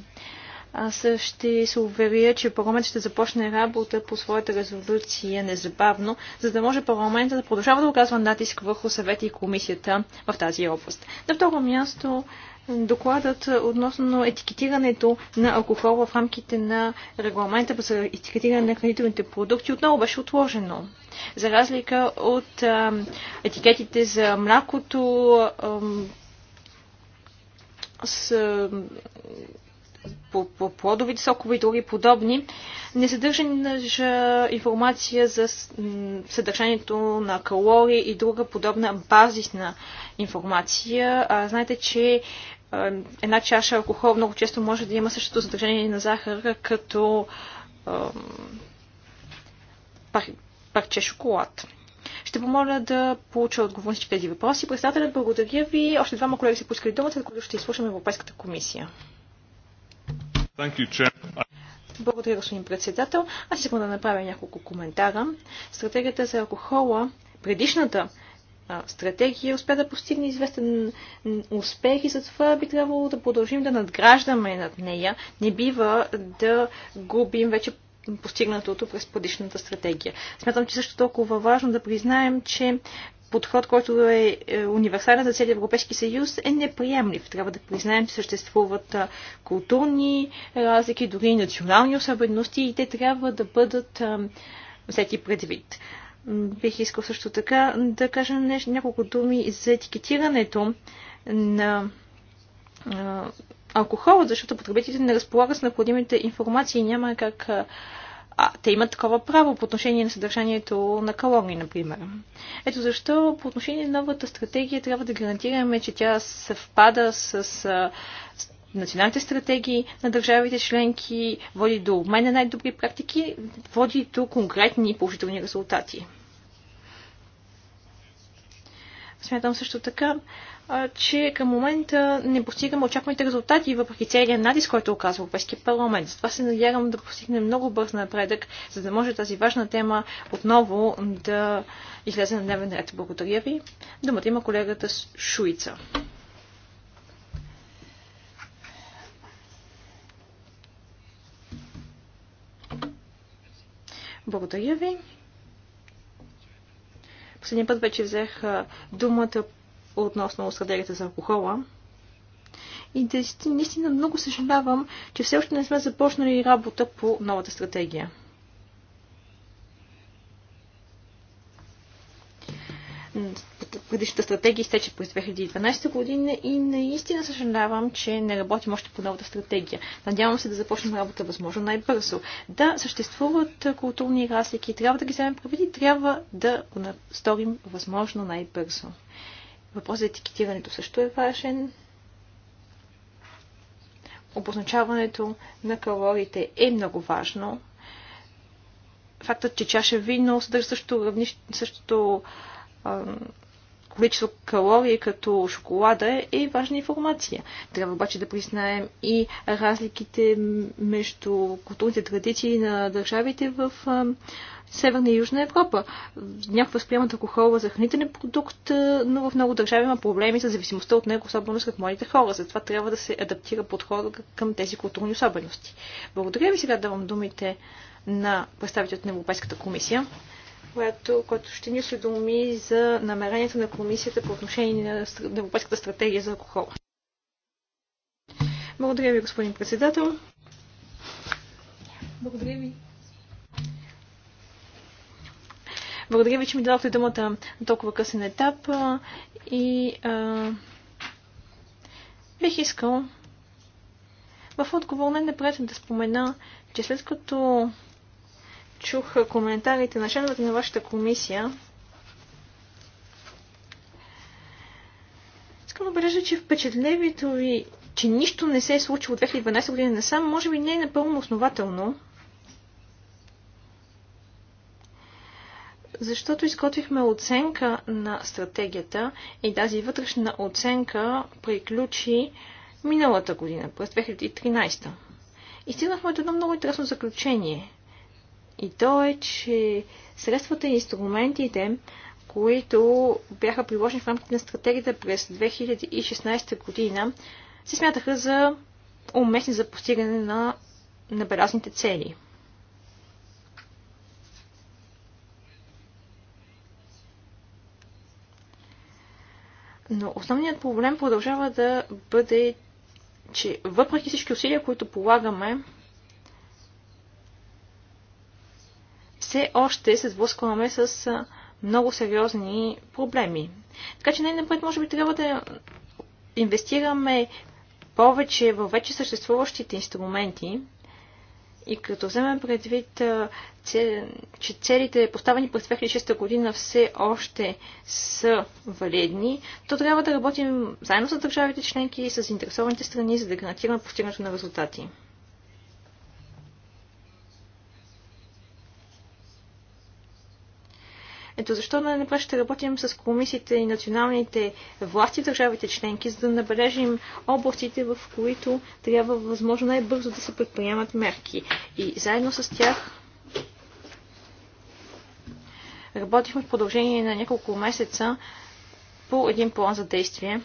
Аз ще се уверя, че парламент ще започне работа по своята резолюция незабавно, за да може парламента да продължава да оказва натиск върху съвета и комисията в тази област. На второ място докладът относно етикетирането на алкохол в рамките на регламента за етикетиране на хранителните продукти отново беше отложено. За разлика от етикетите за млякото, с плодови, сокове и други подобни, не съдържа информация за съдържанието на калории и друга подобна базисна информация. А, знаете, че една чаша алкохол много често може да има същото съдържание на захар, като пар, парче шоколад. Ще помоля да получа отговор на тези въпроси. Председателят, благодаря ви. Още двама колеги са поискали думата, за които ще изслушаме Европейската комисия. Благодаря, господин председател. Аз искам да направя няколко коментара. Стратегията за алкохола, предишната стратегия успя да постигне известен успех и затова би трябвало да продължим да надграждаме над нея. Не бива да губим вече постигнатото през предишната стратегия. Смятам, че също толкова важно да признаем, че подход, който е, е универсален за целия Европейски съюз, е неприемлив. Трябва да признаем, че съществуват културни разлики, дори и национални особености и те трябва да бъдат взети предвид. Бих искал също така да кажа нещо, няколко думи за етикетирането на алкохола, защото потребителите не разполагат с необходимите информации и няма как а, те имат такова право по отношение на съдържанието на калории, например. Ето защо по отношение на новата стратегия трябва да гарантираме, че тя съвпада с, с националните стратегии на държавите членки, води до обмен на най-добри практики, води до конкретни положителни резултати. Смятам също така, че към момента не постигаме очакваните резултати, въпреки целият натиск, който е оказва Европейския парламент. Затова се надявам да постигнем много бърз напредък, за да може тази важна тема отново да излезе на дневен ред. Благодаря ви. Думата има колегата Шуица. Благодаря ви. Последния път вече взех думата относно стратегията за алкохола. И наистина много съжалявам, че все още не сме започнали работа по новата стратегия. Предишната стратегия изтече през 2012 година и наистина съжалявам, че не работим още по новата стратегия. Надявам се да започнем работа възможно най-бързо. Да, съществуват културни разлики, трябва да ги вземем предвид и трябва да го сторим възможно най-бързо. Въпрос за етикетирането също е важен. Обозначаването на калориите е много важно. Фактът, че чаша вино съдържа също равнище, същото количество калории като шоколада е важна информация. Трябва обаче да признаем и разликите между културните традиции на държавите в Северна и Южна Европа. Някои възприемат алкохола за хранителен продукт, но в много държави има проблеми с зависимостта от него, особено сред младите хора. Затова трябва да се адаптира подхода към тези културни особености. Благодаря ви сега давам думите на представителите на Европейската комисия която, която ще ни осведоми за намеренията на комисията по отношение на Европейската стратегия за алкохол. Благодаря ви, господин председател. Благодаря ви. Благодаря ви, че ми дадохте думата на толкова късен етап и а, бих искал в отговор на да спомена, че след като чух коментарите на членовете на вашата комисия, искам да бележа, че впечатлението ви, че нищо не се е случило от 2012 година насам, може би не е напълно основателно. Защото изготвихме оценка на стратегията и тази вътрешна оценка приключи миналата година, през 2013. И стигнахме до едно много интересно заключение – и то е, че средствата и инструментите, които бяха приложени в рамките на стратегията през 2016 година, се смятаха за уместни за постигане на набелязните цели. Но основният проблем продължава да бъде, че въпреки всички усилия, които полагаме, все още се сблъскваме с много сериозни проблеми. Така че най-напред може би трябва да инвестираме повече във вече съществуващите инструменти и като вземем предвид, че целите поставени през 2006 година все още са валидни, то трябва да работим заедно с държавите членки и с заинтересованите страни, за да гарантираме постигането на резултати. Ето защо да не ще работим с комисиите и националните власти в държавите членки, за да набележим областите, в които трябва възможно най-бързо да се предприемат мерки. И заедно с тях работихме в продължение на няколко месеца по един план за действие,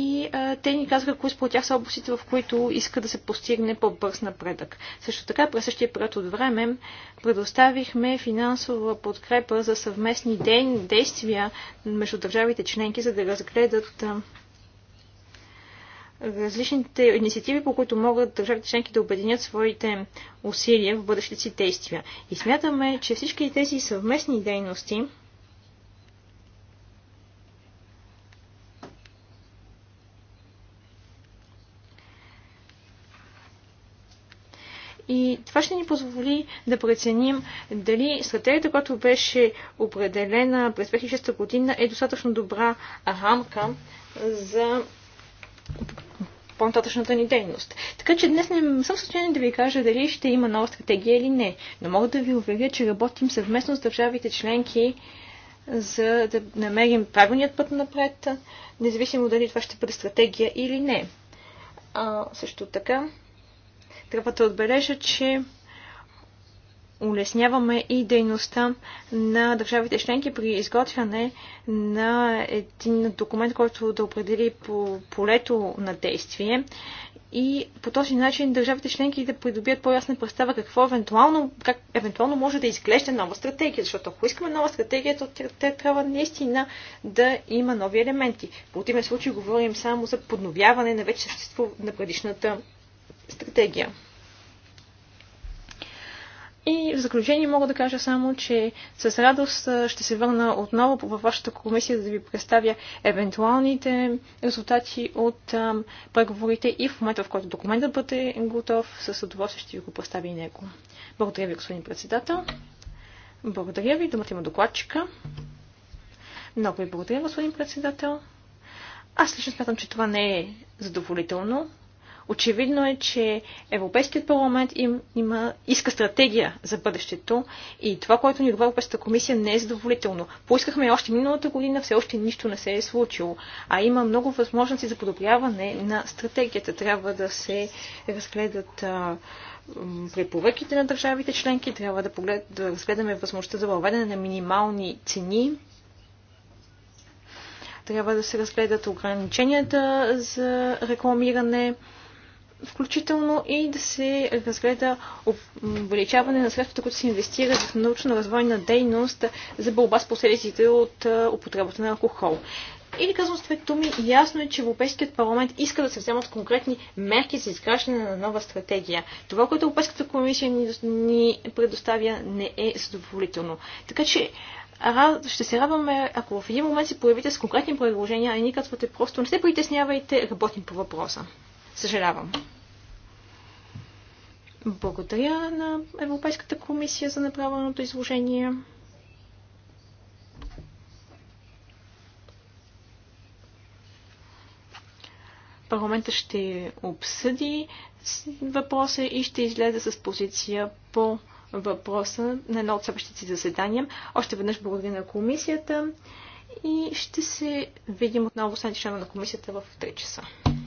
и а, те ни казаха кои според тях са областите, в които иска да се постигне по-бърз напредък. Също така, през същия период от време предоставихме финансова подкрепа за съвместни ден, действия между държавите членки, за да разгледат а, различните инициативи, по които могат държавите членки да обединят своите усилия в бъдещите си действия. И смятаме, че всички тези съвместни дейности И това ще ни позволи да преценим дали стратегията, която беше определена през 2006 година, е достатъчно добра рамка за по-нататъчната ни дейност. Така че днес не съм в състояние да ви кажа дали ще има нова стратегия или не, но мога да ви уверя, че работим съвместно с държавите членки, за да намерим правилният път напред, независимо дали това ще бъде стратегия или не. А, също така, трябва да отбележа, че улесняваме и дейността на държавите членки при изготвяне на един документ, който да определи по полето на действие и по този начин държавите членки да придобият по-ясна представа какво евентуално, как евентуално може да изглежда нова стратегия, защото ако искаме нова стратегия, то тя трябва наистина да има нови елементи. В противен случай говорим само за подновяване на вече на предишната стратегия. И в заключение мога да кажа само, че с радост ще се върна отново във вашата комисия, за да ви представя евентуалните резултати от ам, преговорите и в момента, в който документът бъде готов, с удоволствие ще ви го представя и него. Благодаря ви, господин председател. Благодаря ви. Думата има докладчика. Много ви благодаря, господин председател. Аз лично смятам, че това не е задоволително. Очевидно е, че Европейският парламент им, има, иска стратегия за бъдещето и това, което ни отговаря Европейската комисия, не е задоволително. Поискахме още миналата година, все още нищо не се е случило, а има много възможности за подобряване на стратегията. Трябва да се разгледат препоръките на държавите членки, трябва да, поглед, да разгледаме възможността за въведене на минимални цени трябва да се разгледат ограниченията за рекламиране, включително и да се разгледа увеличаване на средствата, които се инвестират в научно-развойна дейност за борба с последиците от употребата на алкохол. Или казвам с две думи, ясно е, че Европейският парламент иска да се вземат конкретни мерки за изграждане на нова стратегия. Това, което Европейската комисия ни, ни предоставя, не е задоволително. Така че ще се радваме, ако в един момент се появите с конкретни предложения, а ни казвате просто не се притеснявайте, работим по въпроса. Съжалявам. Благодаря на Европейската комисия за направеното изложение. Парламента ще обсъди въпроса и ще излезе с позиция по въпроса на едно от следващите заседания. Още веднъж благодаря на комисията и ще се видим отново с членове на комисията в 3 часа.